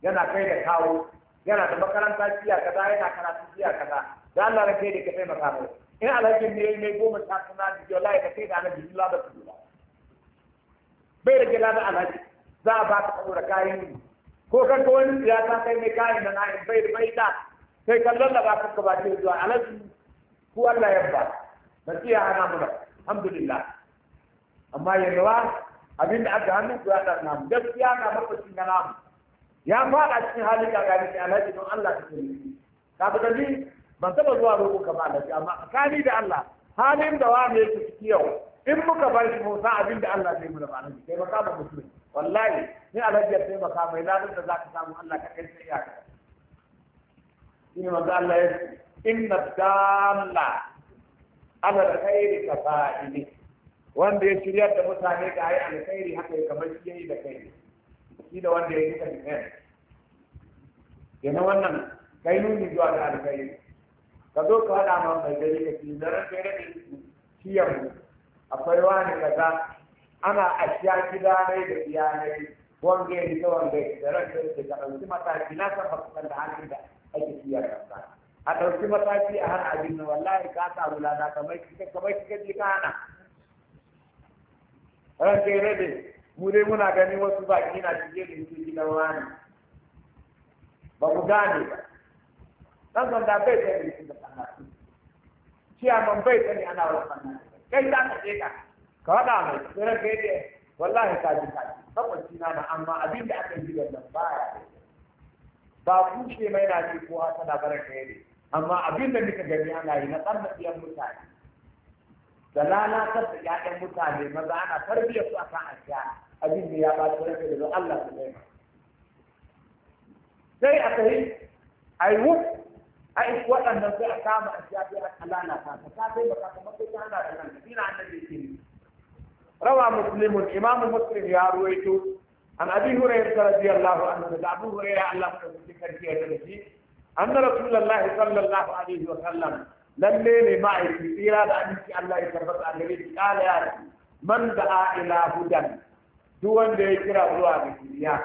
yana kai da kawo yana da makaranta ciya kaza yana karatu ciya kaza da Allah na kai da ka taimaka mai in alhakin ne mai goma sha suna da jiyo layi ka kai da alhaji jula da su bai da gila da alhaji za a baka saboda kayan yi ko kan ka wani ya ta kai mai kayan da na'in bai da bai da sai kallon da ba ka ka ba ce zuwa alhaji ku Allah ya ba nasiya hana mu alhamdulillah amma yanzu abin da aka hannun ku ya ɗan namu gaskiya na mafashin na namu ya faɗa cikin halin gagari sai alhaji don Allah ka taimake ka ga dalili ban taba zuwa roƙo ka ba alaji amma tsakani da Allah halin da wani yake ciki yau in muka bar shi mu sa abin da Allah zai mu da alaji sai baka ba musulmi wallahi ni alaji sai ka mai ladan da zaka samu Allah ka kai sai ya ka shine manzo Allah ya inna dalla ala alkhairi kafaili wanda ya shirya da mutane da ai alkhairi haka ya kamar shi yayi da kai shi da wanda ya yi ka ne yana wannan kai nuni zuwa da alkhairi ka zo ka haɗa ma mai gari da ce zarar kai daɗe ciyar mu akwai wani kaza ana a sha gida nai da iyanai wange ne ta wange da ran da ka ɗauki mataki na san fasikan da hannun da ake ciyar da a ɗauki mataki a har abin nan wallahi ka samu lada kamar kika kamar kika ji ka hana ran kai daɗe mu dai muna ganin wasu baki na shige da su gidan wani ba ku gane ba dan sanda bai sani shi da sannan ciyaman bai sani ana wa sannan kai za ka je ka ka faɗa mai ne wallahi ka ji ka ji na amma abin da aka yi da nan ba ya ba kushe mai na ji ko hasa na kai ne amma abin da muka gani ana yi na tsarnaɗiyar mutane da lalatar da 'ya'yan mutane maza ana tarbiyyar su akan asiya abin da ya ba su rage da Allah su sai a kai ai wuf ai waɗannan sai a kama a shafi a lalata ta ta kai baka kuma sai ta hana da nan ina annabi ke ne rawa muslimun imamu muslim ya ruwaito an abi hurairah radiyallahu anhu da abu hurairah Allah ta zuci karfi ya dace anna rasulullahi sallallahu alaihi wa sallam lalle ne ma'aiki tsira da aminci Allah ya tabbata a gare shi kala ya ce man da'a ila hudan duk wanda ya kira zuwa ga shiriya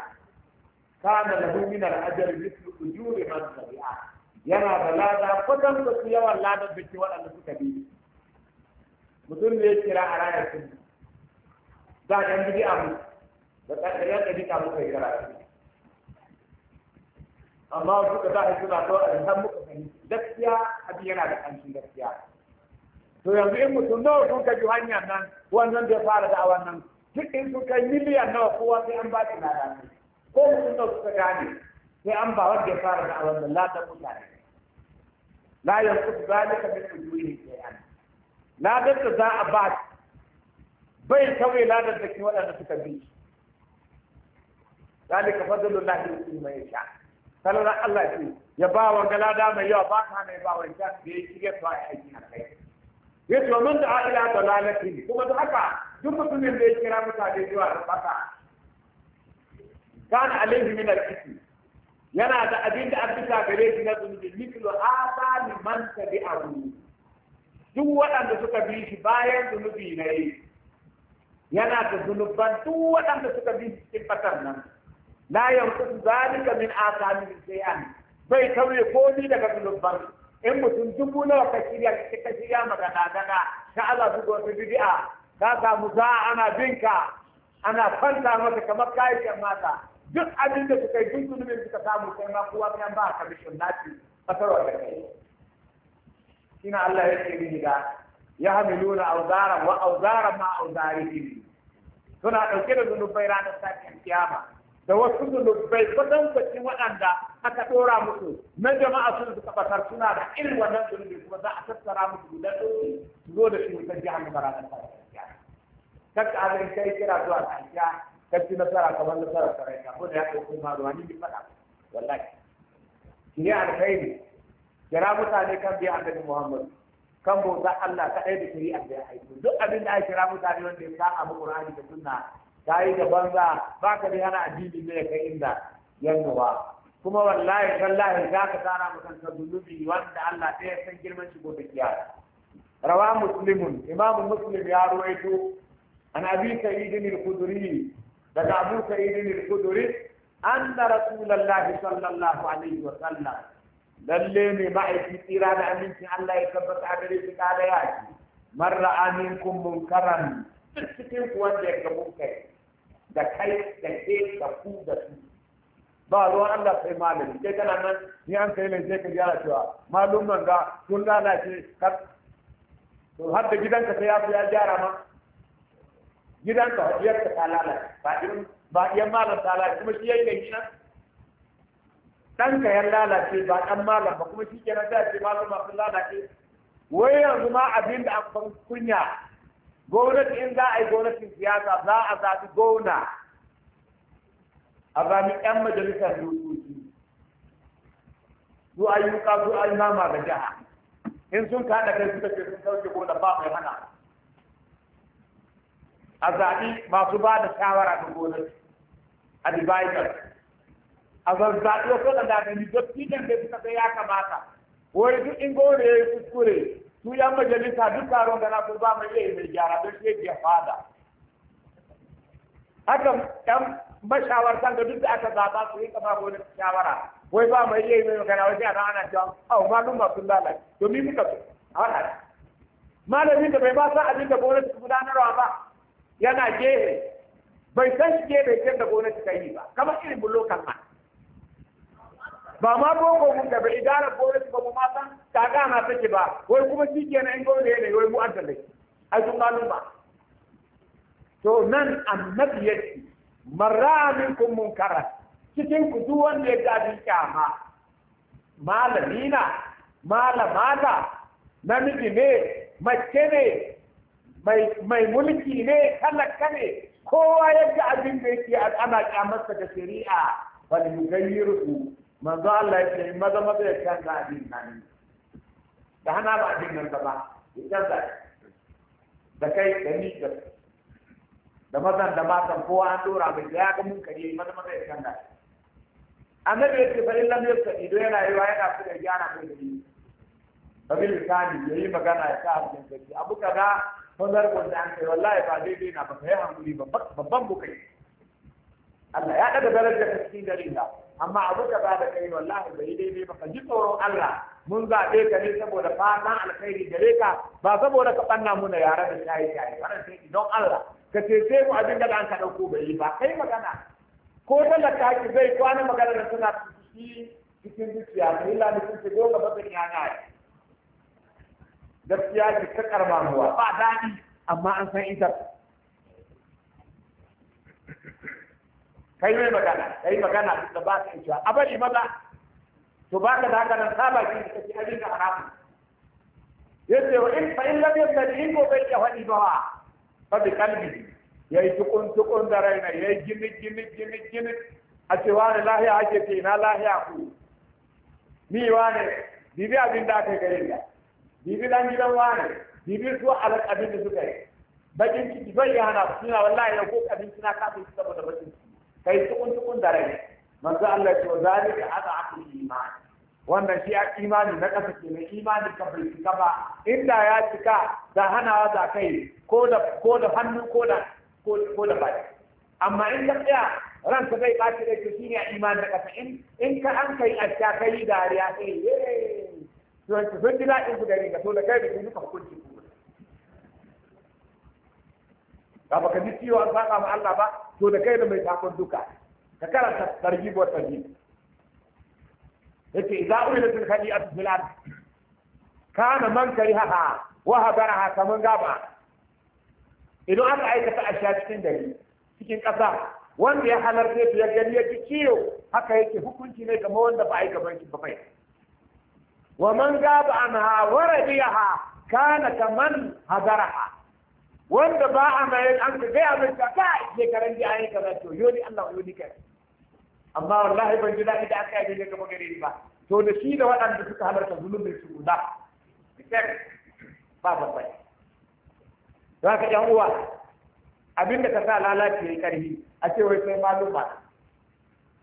kana lahu min al-ajr mithlu ujuri man tabi'a yana da lada kwatan da su yawan ladar da ke waɗanda suka bi mutum ne kira a rayar sun za a ɗan bi a mu da ɗan ɗan ɗan muka yi karatu amma ka za a yi suna to a ɗan muka sani gaskiya abin yana da ƙanshin gaskiya to yanzu in mutum nawa sun ka ji hanyar nan wannan bai fara da awan nan duk in sun kai miliyan nawa kowa sai an ba shi lada ko mutum nawa suka gane sai an ba wanda ya fara da awan nan ladar mutane la yanqus zalika min ujurihi shay'an ladar da za a ba bai kawai ladar da ke waɗanda suka bi zalika fadlullahi yuti man yasha sanar Allah ce ya ba wa galada mai yawa ba ka mai ba wa ja da ya shige ta aiki na kai ya ce mun da ila dalalati kuma duk haka duk mutumin da ya kira mutane zuwa baka kan alaihi min al-ithmi yana da abin da aka bisa gare shi na zunubi mislu hada liman tabi'ahu duk waɗanda suka bi shi bayan zunubi na yi yana da zunuban duk waɗanda suka bi shi cikin fatan nan la yanqutu zalika min asamin shay'an bai kauye komi daga zunuban in mutum dubu nawa ka shirya ka shirya magana daga ka ala duk wata bid'a ka samu za ana binka ana fanta masa kamar kayan mata duk abin da suka yi duk zunubin suka samu sai ma kowa kan ba ka bishin naci fatarwa da kai Kina Allah ya ce ni da ya hamiluna auzara wa auzara ma auzarihim suna dauke da zunubai ranar sakin kiyama da wasu zunubai kwatankwacin waɗanda aka ɗora musu na jama'a sun suka fasar suna da irin wannan zunubi kuma za a tattara musu guda ɗauki zo da shi wutar jihar da ranar sakin kiyama kakka kai kira zuwa sakiya kaci nasara kamar nasara sarai ko da ya kai kuma ruwani ni bi fada wallahi ki alkhairi kira mutane kan biya annabi Muhammad kan bauta Allah dai da a da ya aiko duk abin da aka kira mutane wanda ya sa mu Qur'ani da Sunna yi da banza ba ka da yana addini ne kai inda yannuwa kuma wallahi wallahi za ka tara mutan zunubi wanda Allah ɗaya san girman shi gobe kiyama rawa muslimun imamu muslim ya ruwaito an abi sa'id al-khudri daga Abu Sa'id an khudri anna Rasulullahi sallallahu alaihi wa sallam lalle ne ma'aiki tsira da amincin Allah ya tabbata a gare shi kada ya ce man ra'a minkum munkaran duk cikin ku wanda ya ga munkari da kai da ke da ku da su ba ruwan Allah sai malami kai kana nan ni an kai ne sai ka gyara cewa malum nan ga sun lalace to har da gidanka sai ya fi ya gyara ma gidan ka diyar ta lalace ba irin ba iyan malam ta lalace kuma shi yayi gangi nan dan ka yan lalace ba dan malam ba kuma shi kenan da ce malam su sun lalace wai yanzu ma abin da aka ban kunya gwamnati in za a yi gwamnatin siyasa za a zaɓi gona a zami 'yan majalisar dokoki su ayyuka su ayyuka ma ga jiha in sun kaɗa kai suka ce sun sauke gona ba mai hana a zaɓi masu ba da shawara da a advisor a zazzaɓi wasu da duk dattijan da suka sai ya kamata wani duk in gore ya yi kuskure su yan majalisa duk taron gana ko ba mai iya mai gyara don shi ya fada haka ɗan mashawartan da duk da aka zaɓa su yi kama wani shawara wai ba mai iya mai magana wajen ana ana cewa au duk masu lalace domin muka so a haɗa malamin da bai ba sa abin da su gudanarwa ba yana gehe bai san shi gehe bai da gwamnati ta yi ba kamar irin bullo kan man ba ma boko mun da bai idara gwamnati ba mu ma san ga na take ba wai kuma shi ke na in gwamnati ne wai mu an ne ai sun gano ba to nan annabi yake marra minkum munkara cikin ku duk wanda ya gaji kyama malamina malamata namiji ne mace ne mai mulki ne talaka ne kowa yadda abin da yake ana kyamarsa da shari'a bal yugayyiru manzo Allah ya ce maza maza ya canza abin nan da hana ba abin nan ba ya canza da kai da ni da da mazan da matan kowa an dora mai da ya ga mun kare maza maza ya canza annabi ya ce fa illam yasta ido yana yi wa yana da gyara mai da ni babil lisani yayi magana ya sa abin da abu kaza mazarkon da an kai wallahi ba daidai na ba kai hankali babban bukai Allah ya daga darajar ta cikin gari na amma abu da ba da kai wallahi bai daidai ba ka ji tsoron Allah mun zaɓe ka ne saboda fatan alkhairi gare ka ba saboda ka ɓanna muna yare da shayi shayi wannan sai idan Allah ka ce sai mu abin da an ka ɗauko bai yi ba kai magana ko talaka ki zai kwana magana da suna cikin zuciya ta yi ce ko goma ba zan yana yi gaskiya ce ta karmamuwa ba daɗi amma an san ita kai mai magana kai magana da ba ka cewa a bari maza to ba ka da nan saba ki da kake abin da haramu yace wa in fa in yadda in ko bai ya faɗi ba fa bi kalbi yayi tukun tukun da raina yayi gini gini gini gini a ce wani lahiya ake ce ina lahiya ku ni ne bibi abin da aka gare ni bibi dan gidan wane bibi su abin da suka yi bakin ciki bai ya hana suna wallahi ya ko abinci na kafin saboda bakin ciki kai tukun tukun da rai manzo Allah ya zalika hada akul iman wannan shi imani na kasa ke mai imani ka bai cika ba inda ya cika da hanawa za kai ko da ko da hannu ko da ko da baki amma in ka tsaya ranka zai baci da shi ne imani na kasa in in ka an kai a ta kai dariya kai eh, eh, eh. sun sun ji daɗin ku da ringa to da kai da kun duka hukunci ku ba baka ji ciwo an saka ma Allah ba to da kai da mai takon duka ka karanta tarjib wa tarjib yace idza uridat al khadi'atu a ard kana man karihaha wa habaraha kaman gaba idan aka aikata a sha cikin gari cikin ƙasa wanda ya halarce su ya gani ya ji ciwo haka yake hukunci ne kamar wanda ba a yi gaban shi ba bai ومن غاب عنها ورضيها كان كمن هدرها wanda ba a mai an ka gaya mai ka kai je ka ranji ayi ka zato yoni Allah yoni ka amma wallahi ban ji daɗi da aka yi ne kamar gare ba to da shi da waɗanda suka halarta zulumin su guda ba babbai za ka ƴan uwa abinda ka sa lalace yayi karhi a ce wai sai malum ba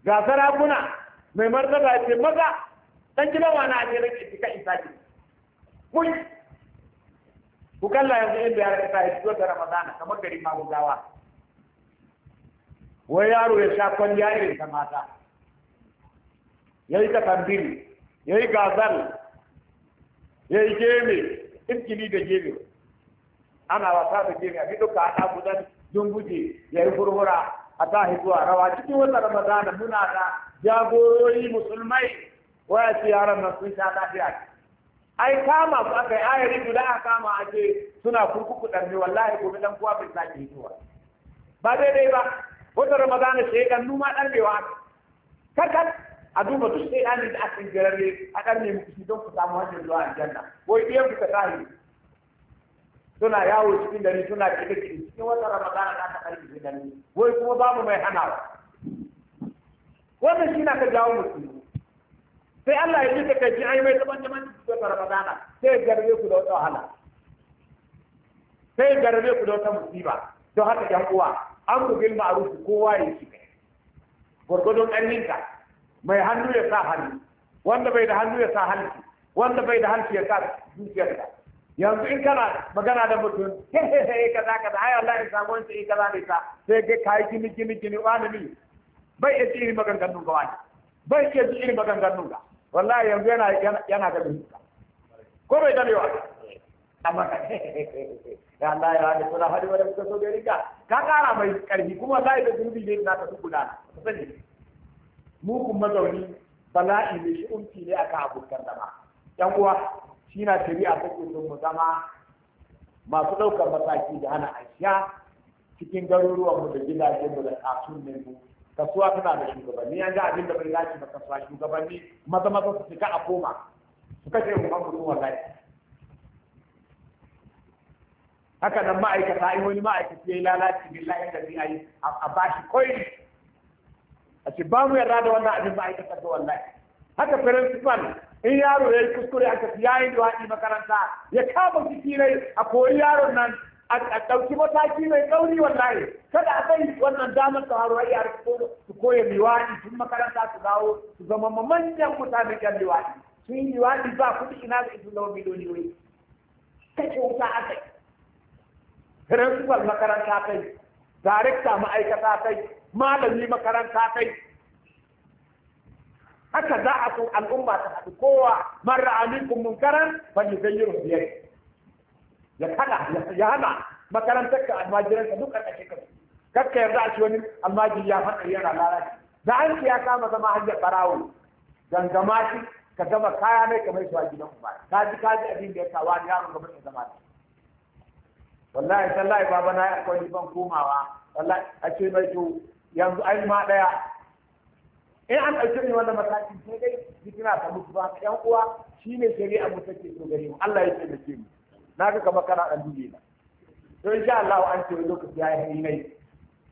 ga sarakuna mai martaba ce maza dan kina wani a jere ke tika isa mun ku kalla yanzu inda yara ta yi zuwa da ramadana kamar gari magugawa wai yaro ya sha kwalliya yayi ta mata ya yi katambiri ya yi gazal ya yi geme irkini da jeme. ana wasa da jeme a duka ana gudan junguje ya yi furfura a ta hituwa rawa cikin wannan ramadana muna da jagorori musulmai waya ce yaran nan sun sha ce. ai kama su aka yi ayari da aka kama a ce suna kurkuku ɗanne wallahi gobe dan kuwa bai sa ke zuwa. ba daidai ba wata ramadana sai ɗan numa ɗan bewa kakal a duba duk sai dan da aka girarre a dan ne shi don ku samu hanyar zuwa aljanna wai biyan ku ta tahi suna yawo cikin dare suna kike cikin wata ramadana ta aka karbi dare wai kuma babu mai hanawa wannan shi na ka jawo musulmi sai Allah ya ji ka kai ai mai taban jaman da fara ramadana sai garbe ku da wata wahala sai garbe ku da wata musiba don haka ɗan uwa gilma a ma'ruf kowa ya shi kai gurgudun ɗanninka mai hannu ya sa hannu wanda bai da hannu ya sa hannu wanda bai da hannu ya sa zuciyarka yanzu in kana magana da mutum hehehe kaza kaza ai Allah ya samu wancan eh kaza ne sa sai ga kai gini gini gini wani bai iya ji irin maganganun ka wani bai iya ji irin maganganun ka wallahi yanzu yana yana da bin ko bai da wa? amma ya (laughs) Allah ya ni kuna hadi wanda kuka so da rika ka kara mai karfi kuma wallahi da zunubi ne na ta su gudana sani mu kun mazauni bala'i ne shi umti ne aka abokan zama dan uwa shi na shari'a take don mu zama masu ɗaukar mataki da hana ashiya cikin mu da mu da mu. kasuwa tana da shugabanni an ga abin da bai dace ba kasuwa shugabanni maza maza su fita a koma su kashe mu an mutum wallahi haka nan ma'aikata in wani ma'aikaci ya yi lalaci billahi da zai yi a bashi koyi a ce ba mu yarda da wannan abin ma'aikatar da wallahi haka principal in yaro ya yi kuskure aka fi yayin da makaranta ya kama fikirai a koyi yaron nan a ɗauki mataki mai tsauri wallahi kada a kai wannan damar su haro iya su koya liwaɗi tun makaranta su dawo su zama manyan mutane yan liwaɗi sun yi liwaɗi ba kuɗi ina da isu zama miliyoniyoyi kashe wuta a kai principal makaranta kai darekta ma'aikata kai malami makaranta kai haka za a so al'umma ta haɗu kowa mara amikun munkaran fa ni zai yi ya kada ya hana makarantar ka almajiran ka duk karkashin ka kakka yarda a ci wani almajiri ya faɗa yana lalaci da an ya kama zama hanyar barawo gangama shi ka gama kaya mai kamar shi a gidan ku ba ka ji ka ji abin da ya kawo ni yaro kamar ka zama wallahi sallahi baba na akwai ban komawa wallahi a ce mai to yanzu ai ma daya in an ɗauke ni wannan matakin sai dai fitina ta mutu ba ka yan uwa shine shari'a a take so gare Allah ya taimake mu na ga kamar kana ɗan dubi na to insha Allah an ce lokaci ya yi nai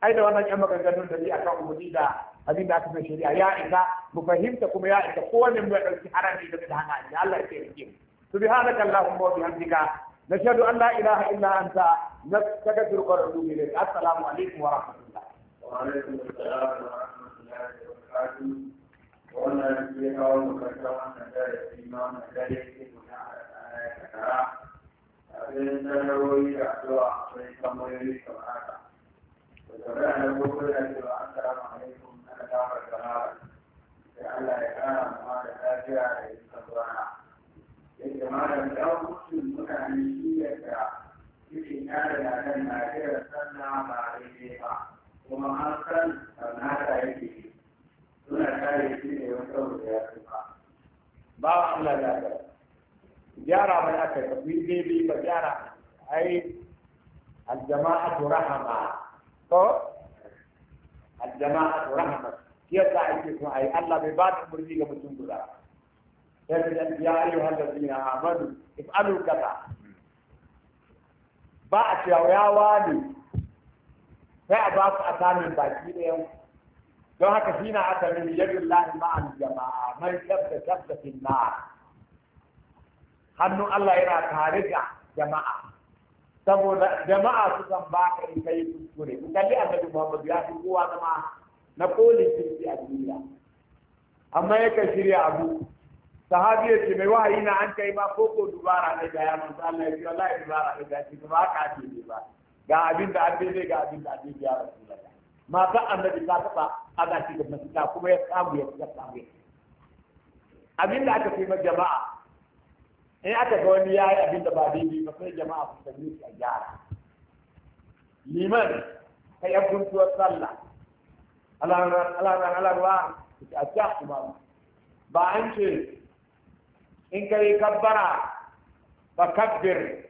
ai da wannan yan maganganun da ni akan umarni da abin da aka san shari'a ya isa mu fahimta kuma ya isa kowanne mu ya ɗauki harami game da ne Allah ya taimake mu subhanaka allahumma wa bihamdika nashhadu an la ilaha illa anta nastaghfiruka wa natubu ilayk assalamu alaikum wa rahmatullah wa alaikum assalam wa rahmatullahi wa barakatuh wannan ya kawo mu karkar na darasi ma wannan darasi ne na abin sanarwoyi da addu'a sai tambayoyi kamar haka da tambaya na farko yana cewa assalamu alaikum ana damar da mara sai Allah ya kara mu da lafiya da yin sabuwa yadda malam ya mutu mutane shi yadda suke kare na kan na kiran sanna ba daidai ba kuma an san sanata yake suna kare shi ne wata wuya ba ba Allah ya kare جارا من أكل تصوير بي بي بجارا أي الجماعة رحمة تو الجماعة رحمة كيف تعيش أي الله بباد مرزيك بسم الله فإن يا أيها الذين آمنوا افعلوا كذا بعث يا ويا والي فأباك أتامن باكيريو لو هكذا فينا أتامن يد الله مع الجماعة من كبت كبت النار hannun Allah yana tare da jama'a saboda jama'a su kan ba ka in kai kuskure in kalli annabi Muhammad ya fi kowa zama na kolin kirki a duniya amma yakan shirya abu sahabi ya ce mai wahayi na an kai ma ko ko dubara ne ga Ya sa Allah ya ce wallahi dubara ne ga shi ba ka ce ne ba ga abin da abin ne ga abin da abin ya rasulullah mata annabi ta taba aga shi da masita kuma ya samu ya samu abin da aka fi ma jama'a in aka ga wani ya yi abin da ba daidai ba sai jama'a su sami su a gyara liman ka yi kuntuwar sallah alaran alarwa a ta su ba an ce in ka yi kabbara ba kabbir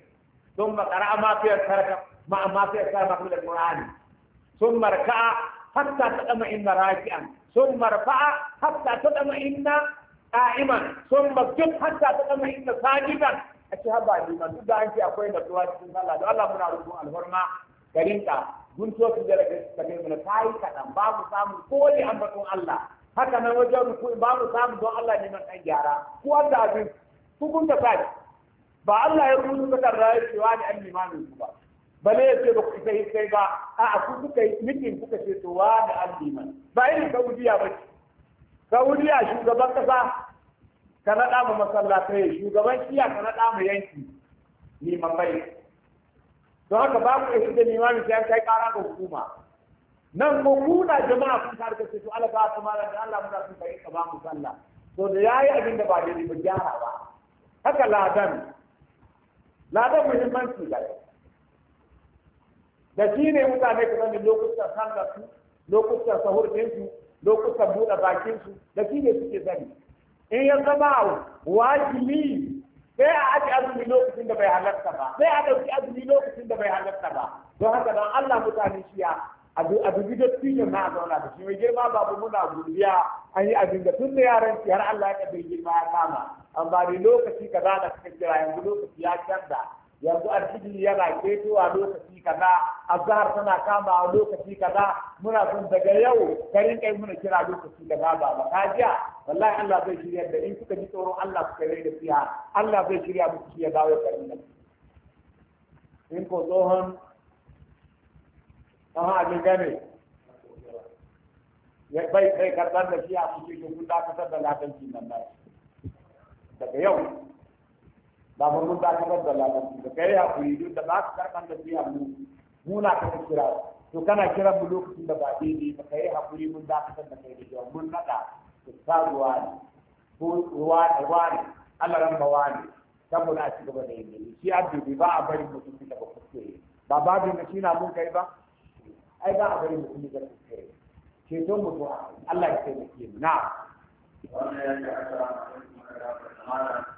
sun makara mafiyar sarka ma mafiyar sarka kuma da murani, sun marka hatta ta dama inna raki'an sun marfa'a hatta ta dama inna qa'iman thumma tub hatta taqama inna sajidan a ci haba liman duk da an ce akwai natsuwa cikin sallah don Allah muna roƙon alhorma ka gun gunto su da ka kai mana kai kaɗan ba mu samu ko ne ambaton Allah haka nan wajen ruku ba mu samu don Allah neman ɗan gyara ku wanda abin hukun ta sai ba Allah ya rubuta ka rayuwa cewa ne an limamin ku ba bale ya ce ba ku isa sai ba a'a ku kuka yi mikin kuka ce to wa da an ba irin saudiya ba ce Saudiya shugaban kasa ka naɗa mu masallatai shugaban kiya ka naɗa mu yanki liman bai don haka ba ku isa da limami sai kai ƙara ga hukuma nan ko kuna jama'a kun tare da su Allah ba su mara da Allah muna sun bai ka ba mu sallah to da yi abin da ba daidai ba gyara ba haka ladan ladan muhimmanci yau. da shi ne mutane ka sani lokutan sallar su lokutan sahur ɗinsu lokutan buɗe bakinsu da shi ne suke sani in ya zama wajibi sai a aji azumi lokacin da bai halarta ba sai a ɗauki azumi lokacin da bai halarta ba don haka don Allah mutane shiya a abu da cikin na zauna da shi mai girma babu muna godiya an yi abin da tun da yaran har Allah ya bai girma ya kama amma ne lokaci ka da kake kira yanzu lokaci ya canza yanzu alfijiri yana a lokaci kaza azhar tana kama a lokaci kaza muna son daga yau karin kai muna kira lokaci kaza ba ba kajiya wallahi Allah zai shirya da in kuka ji tsoron Allah kuka rai da siya Allah zai shirya muku shi ya dawo da nan in ko tsohon kama a gane ya bai kai karɓar da shi a cikin kun kasar da latanci nan daga yau ba mu mun da kaba da lalan da kai ya kuri duk da ba ka karban da biya mu mu na ka kira to kana kira mu lokacin da ba daidai ba kai hakuri mun da ka da kai da mun nada da ta ruwa ko ruwa da ruwa Allah ran bawa ne saboda a cigaba da yin shi bi ba a bari mutum da ba ce ba ba bi na mun kai ba ai ba a bari mutum da kuskure ceton mutum Allah ya kai mu na wannan ya ta ta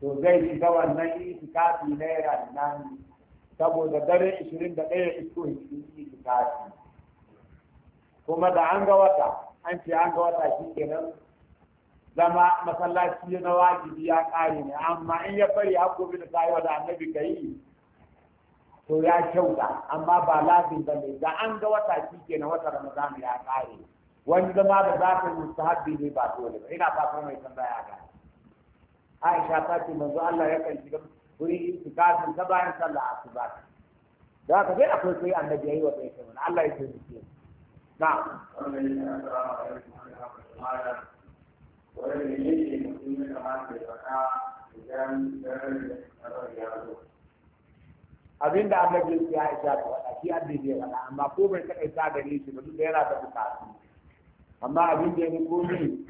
to zai shiga wannan itikafi na yaran nan saboda dare 21 isko cikin itikafi kuma da an ga wata an ce an ga wata shi kenan zama masallaci na wajibi ya kare ne amma in ya bari hakobi da tayi da annabi yi, to ya kyauta amma ba lafi ba ne da an ga wata shi kenan wata ramadan ya kare wani zama da zafin mustahabbi ne ba dole ba ina fatan mai tambaya ba. aisha ta ce manzo Allah ya kan shiga wurin itikafin ta bayan sallah asuba da ka sai akwai sai annabi yayi wa kai sai Allah ya tsare shi na abin da annabi ya ya aisha ta faɗa shi annabi ya faɗa amma ko bai taɓa isa da shi ba duk da yana da bukatu amma abin da ya ko komi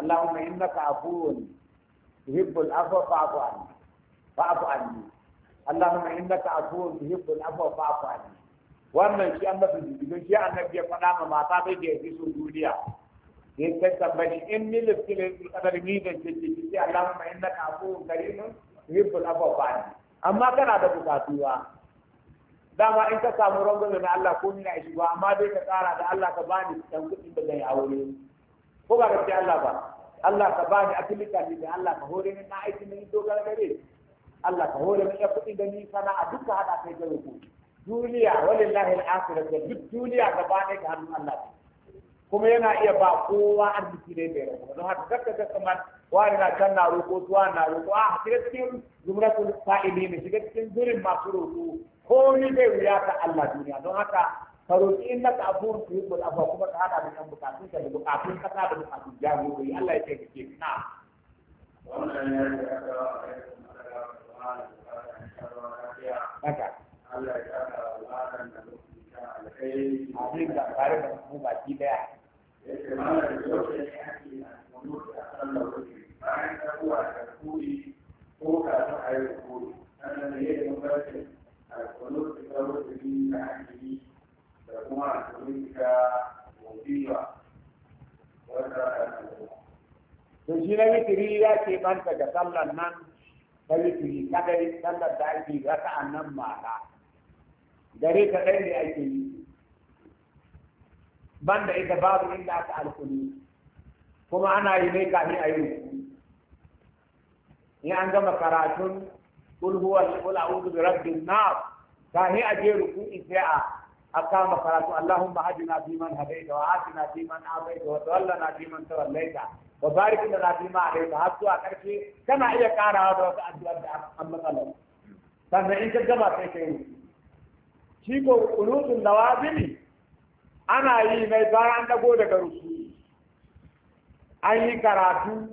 Allahumma innaka afuwun تحب العفو فاعف عني فاعف عني اللهم انك عفو تحب العفو فاعف عني wannan shi an mafi jirgin shi annabi ya faɗa ma mata bai da yafi so duniya ya ce tambayi in ni ne su kadar ni da ce ma inna ka innaka afuwun karimun yuhibbul afwa fani amma kana da bukatuwa dama in ka samu rangon da Allah ko ni na shi ba amma dai ka tsara da Allah ka bani dan kuɗin da zan aure ko ba ka ce Allah ba Allah ka ba ni afilika ne da Allah ka hore ni na aiki na dogara gare Allah ka hore ni ya kuɗi da ni a duka hada kai ga rubutu duniya walillahi al-akhirah duk duniya ba ne ga hannun Allah kuma yana iya ba kowa arziki ne bai rabu don haka kakka da kamar wani na can na roƙo tuwa na roƙo a shiga cikin zumratul fa'ili ne shiga cikin zurin masu roƙo ko ni bai wuya ta Allah duniya don haka ka roƙi in na kafin su yi kuma ka hada da kan bukatun ka da bukatun kasa da bukatun jami'o'i Allah ya taimake ka a yi kuma da Haka. Allah ya kada da Abin da da da da Allah ko da a da kuma a tsoron ta motiwa wata rana to shi na witiri ya ke banta da sallar nan ta witiri kadai sallar da ake a nan mata dare kadai ne ake yi banda ita babu inda aka alkuni kuma ana yi ne kafin a yi in an gama karatun kul huwa kul da bi rabbin nas kafin a je ruku'i sai a أقام صلاة اللهم أهدنا فيمن هديت وآتنا فيمن أعطيت وتولنا فيمن توليت وبارك لنا فيما عليك هاتوا أكرشي كما هي كان هذا وتأدي أبدا أمك الله فما إنك جمع سيكين شيكو قلوس النوازل أنا أي ميزان أن أقول لك رسول أي كراتو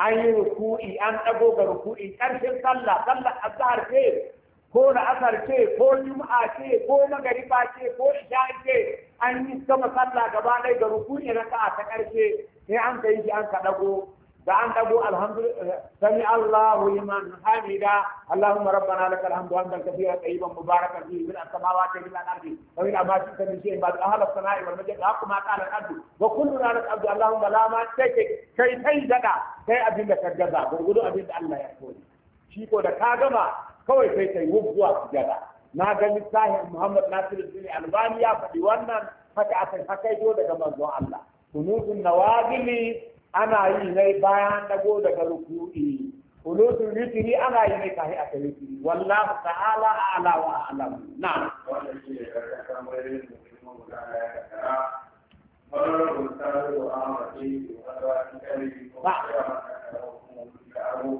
أي ركوئي أن أقول ركوئي أرشل صلى صلى الظهر كيف ko da asar ce ko juma'a ce ko magariba ce ko isha ce an yi sama sallah gaba ɗaya ga rukuni na ka'a ta ƙarshe sai an kai shi an ka ɗago. da an dago alhamdulillah sami Allahu liman hamida Allahumma rabbana lakal hamdu hamdan kathiran tayyiban mubarakan fi min as-samawati wa min al-ardi wa min ma shi'ta min shay'in ba'd ahla as-sama'i wal majdi haqqu ma qala al-abd wa kullu la al-abd Allahumma la ma take kai kai daga kai abinda ka gaza gurgudu abinda Allah ya koyi shi ko da ka gama kawai sai kai wubbuwa sujada na ga littafin Muhammad Nasiruddin Albani ya faɗi wannan haka aka hakaito daga manzon Allah kunutun nawazili ana yi ne bayan dago daga ruku'i kunutun ritiri ana yi ne kahi aka ritiri wallahu ta'ala a'la wa a'lam na. wannan shi ne karkashin bayanin da eh, kuma magana ya kara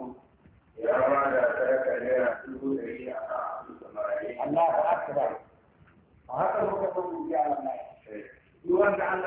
Ba. ya ba da sadaka naira dubu ɗari a kan abin A haka muka Allah. Eh. Duk wanda Allah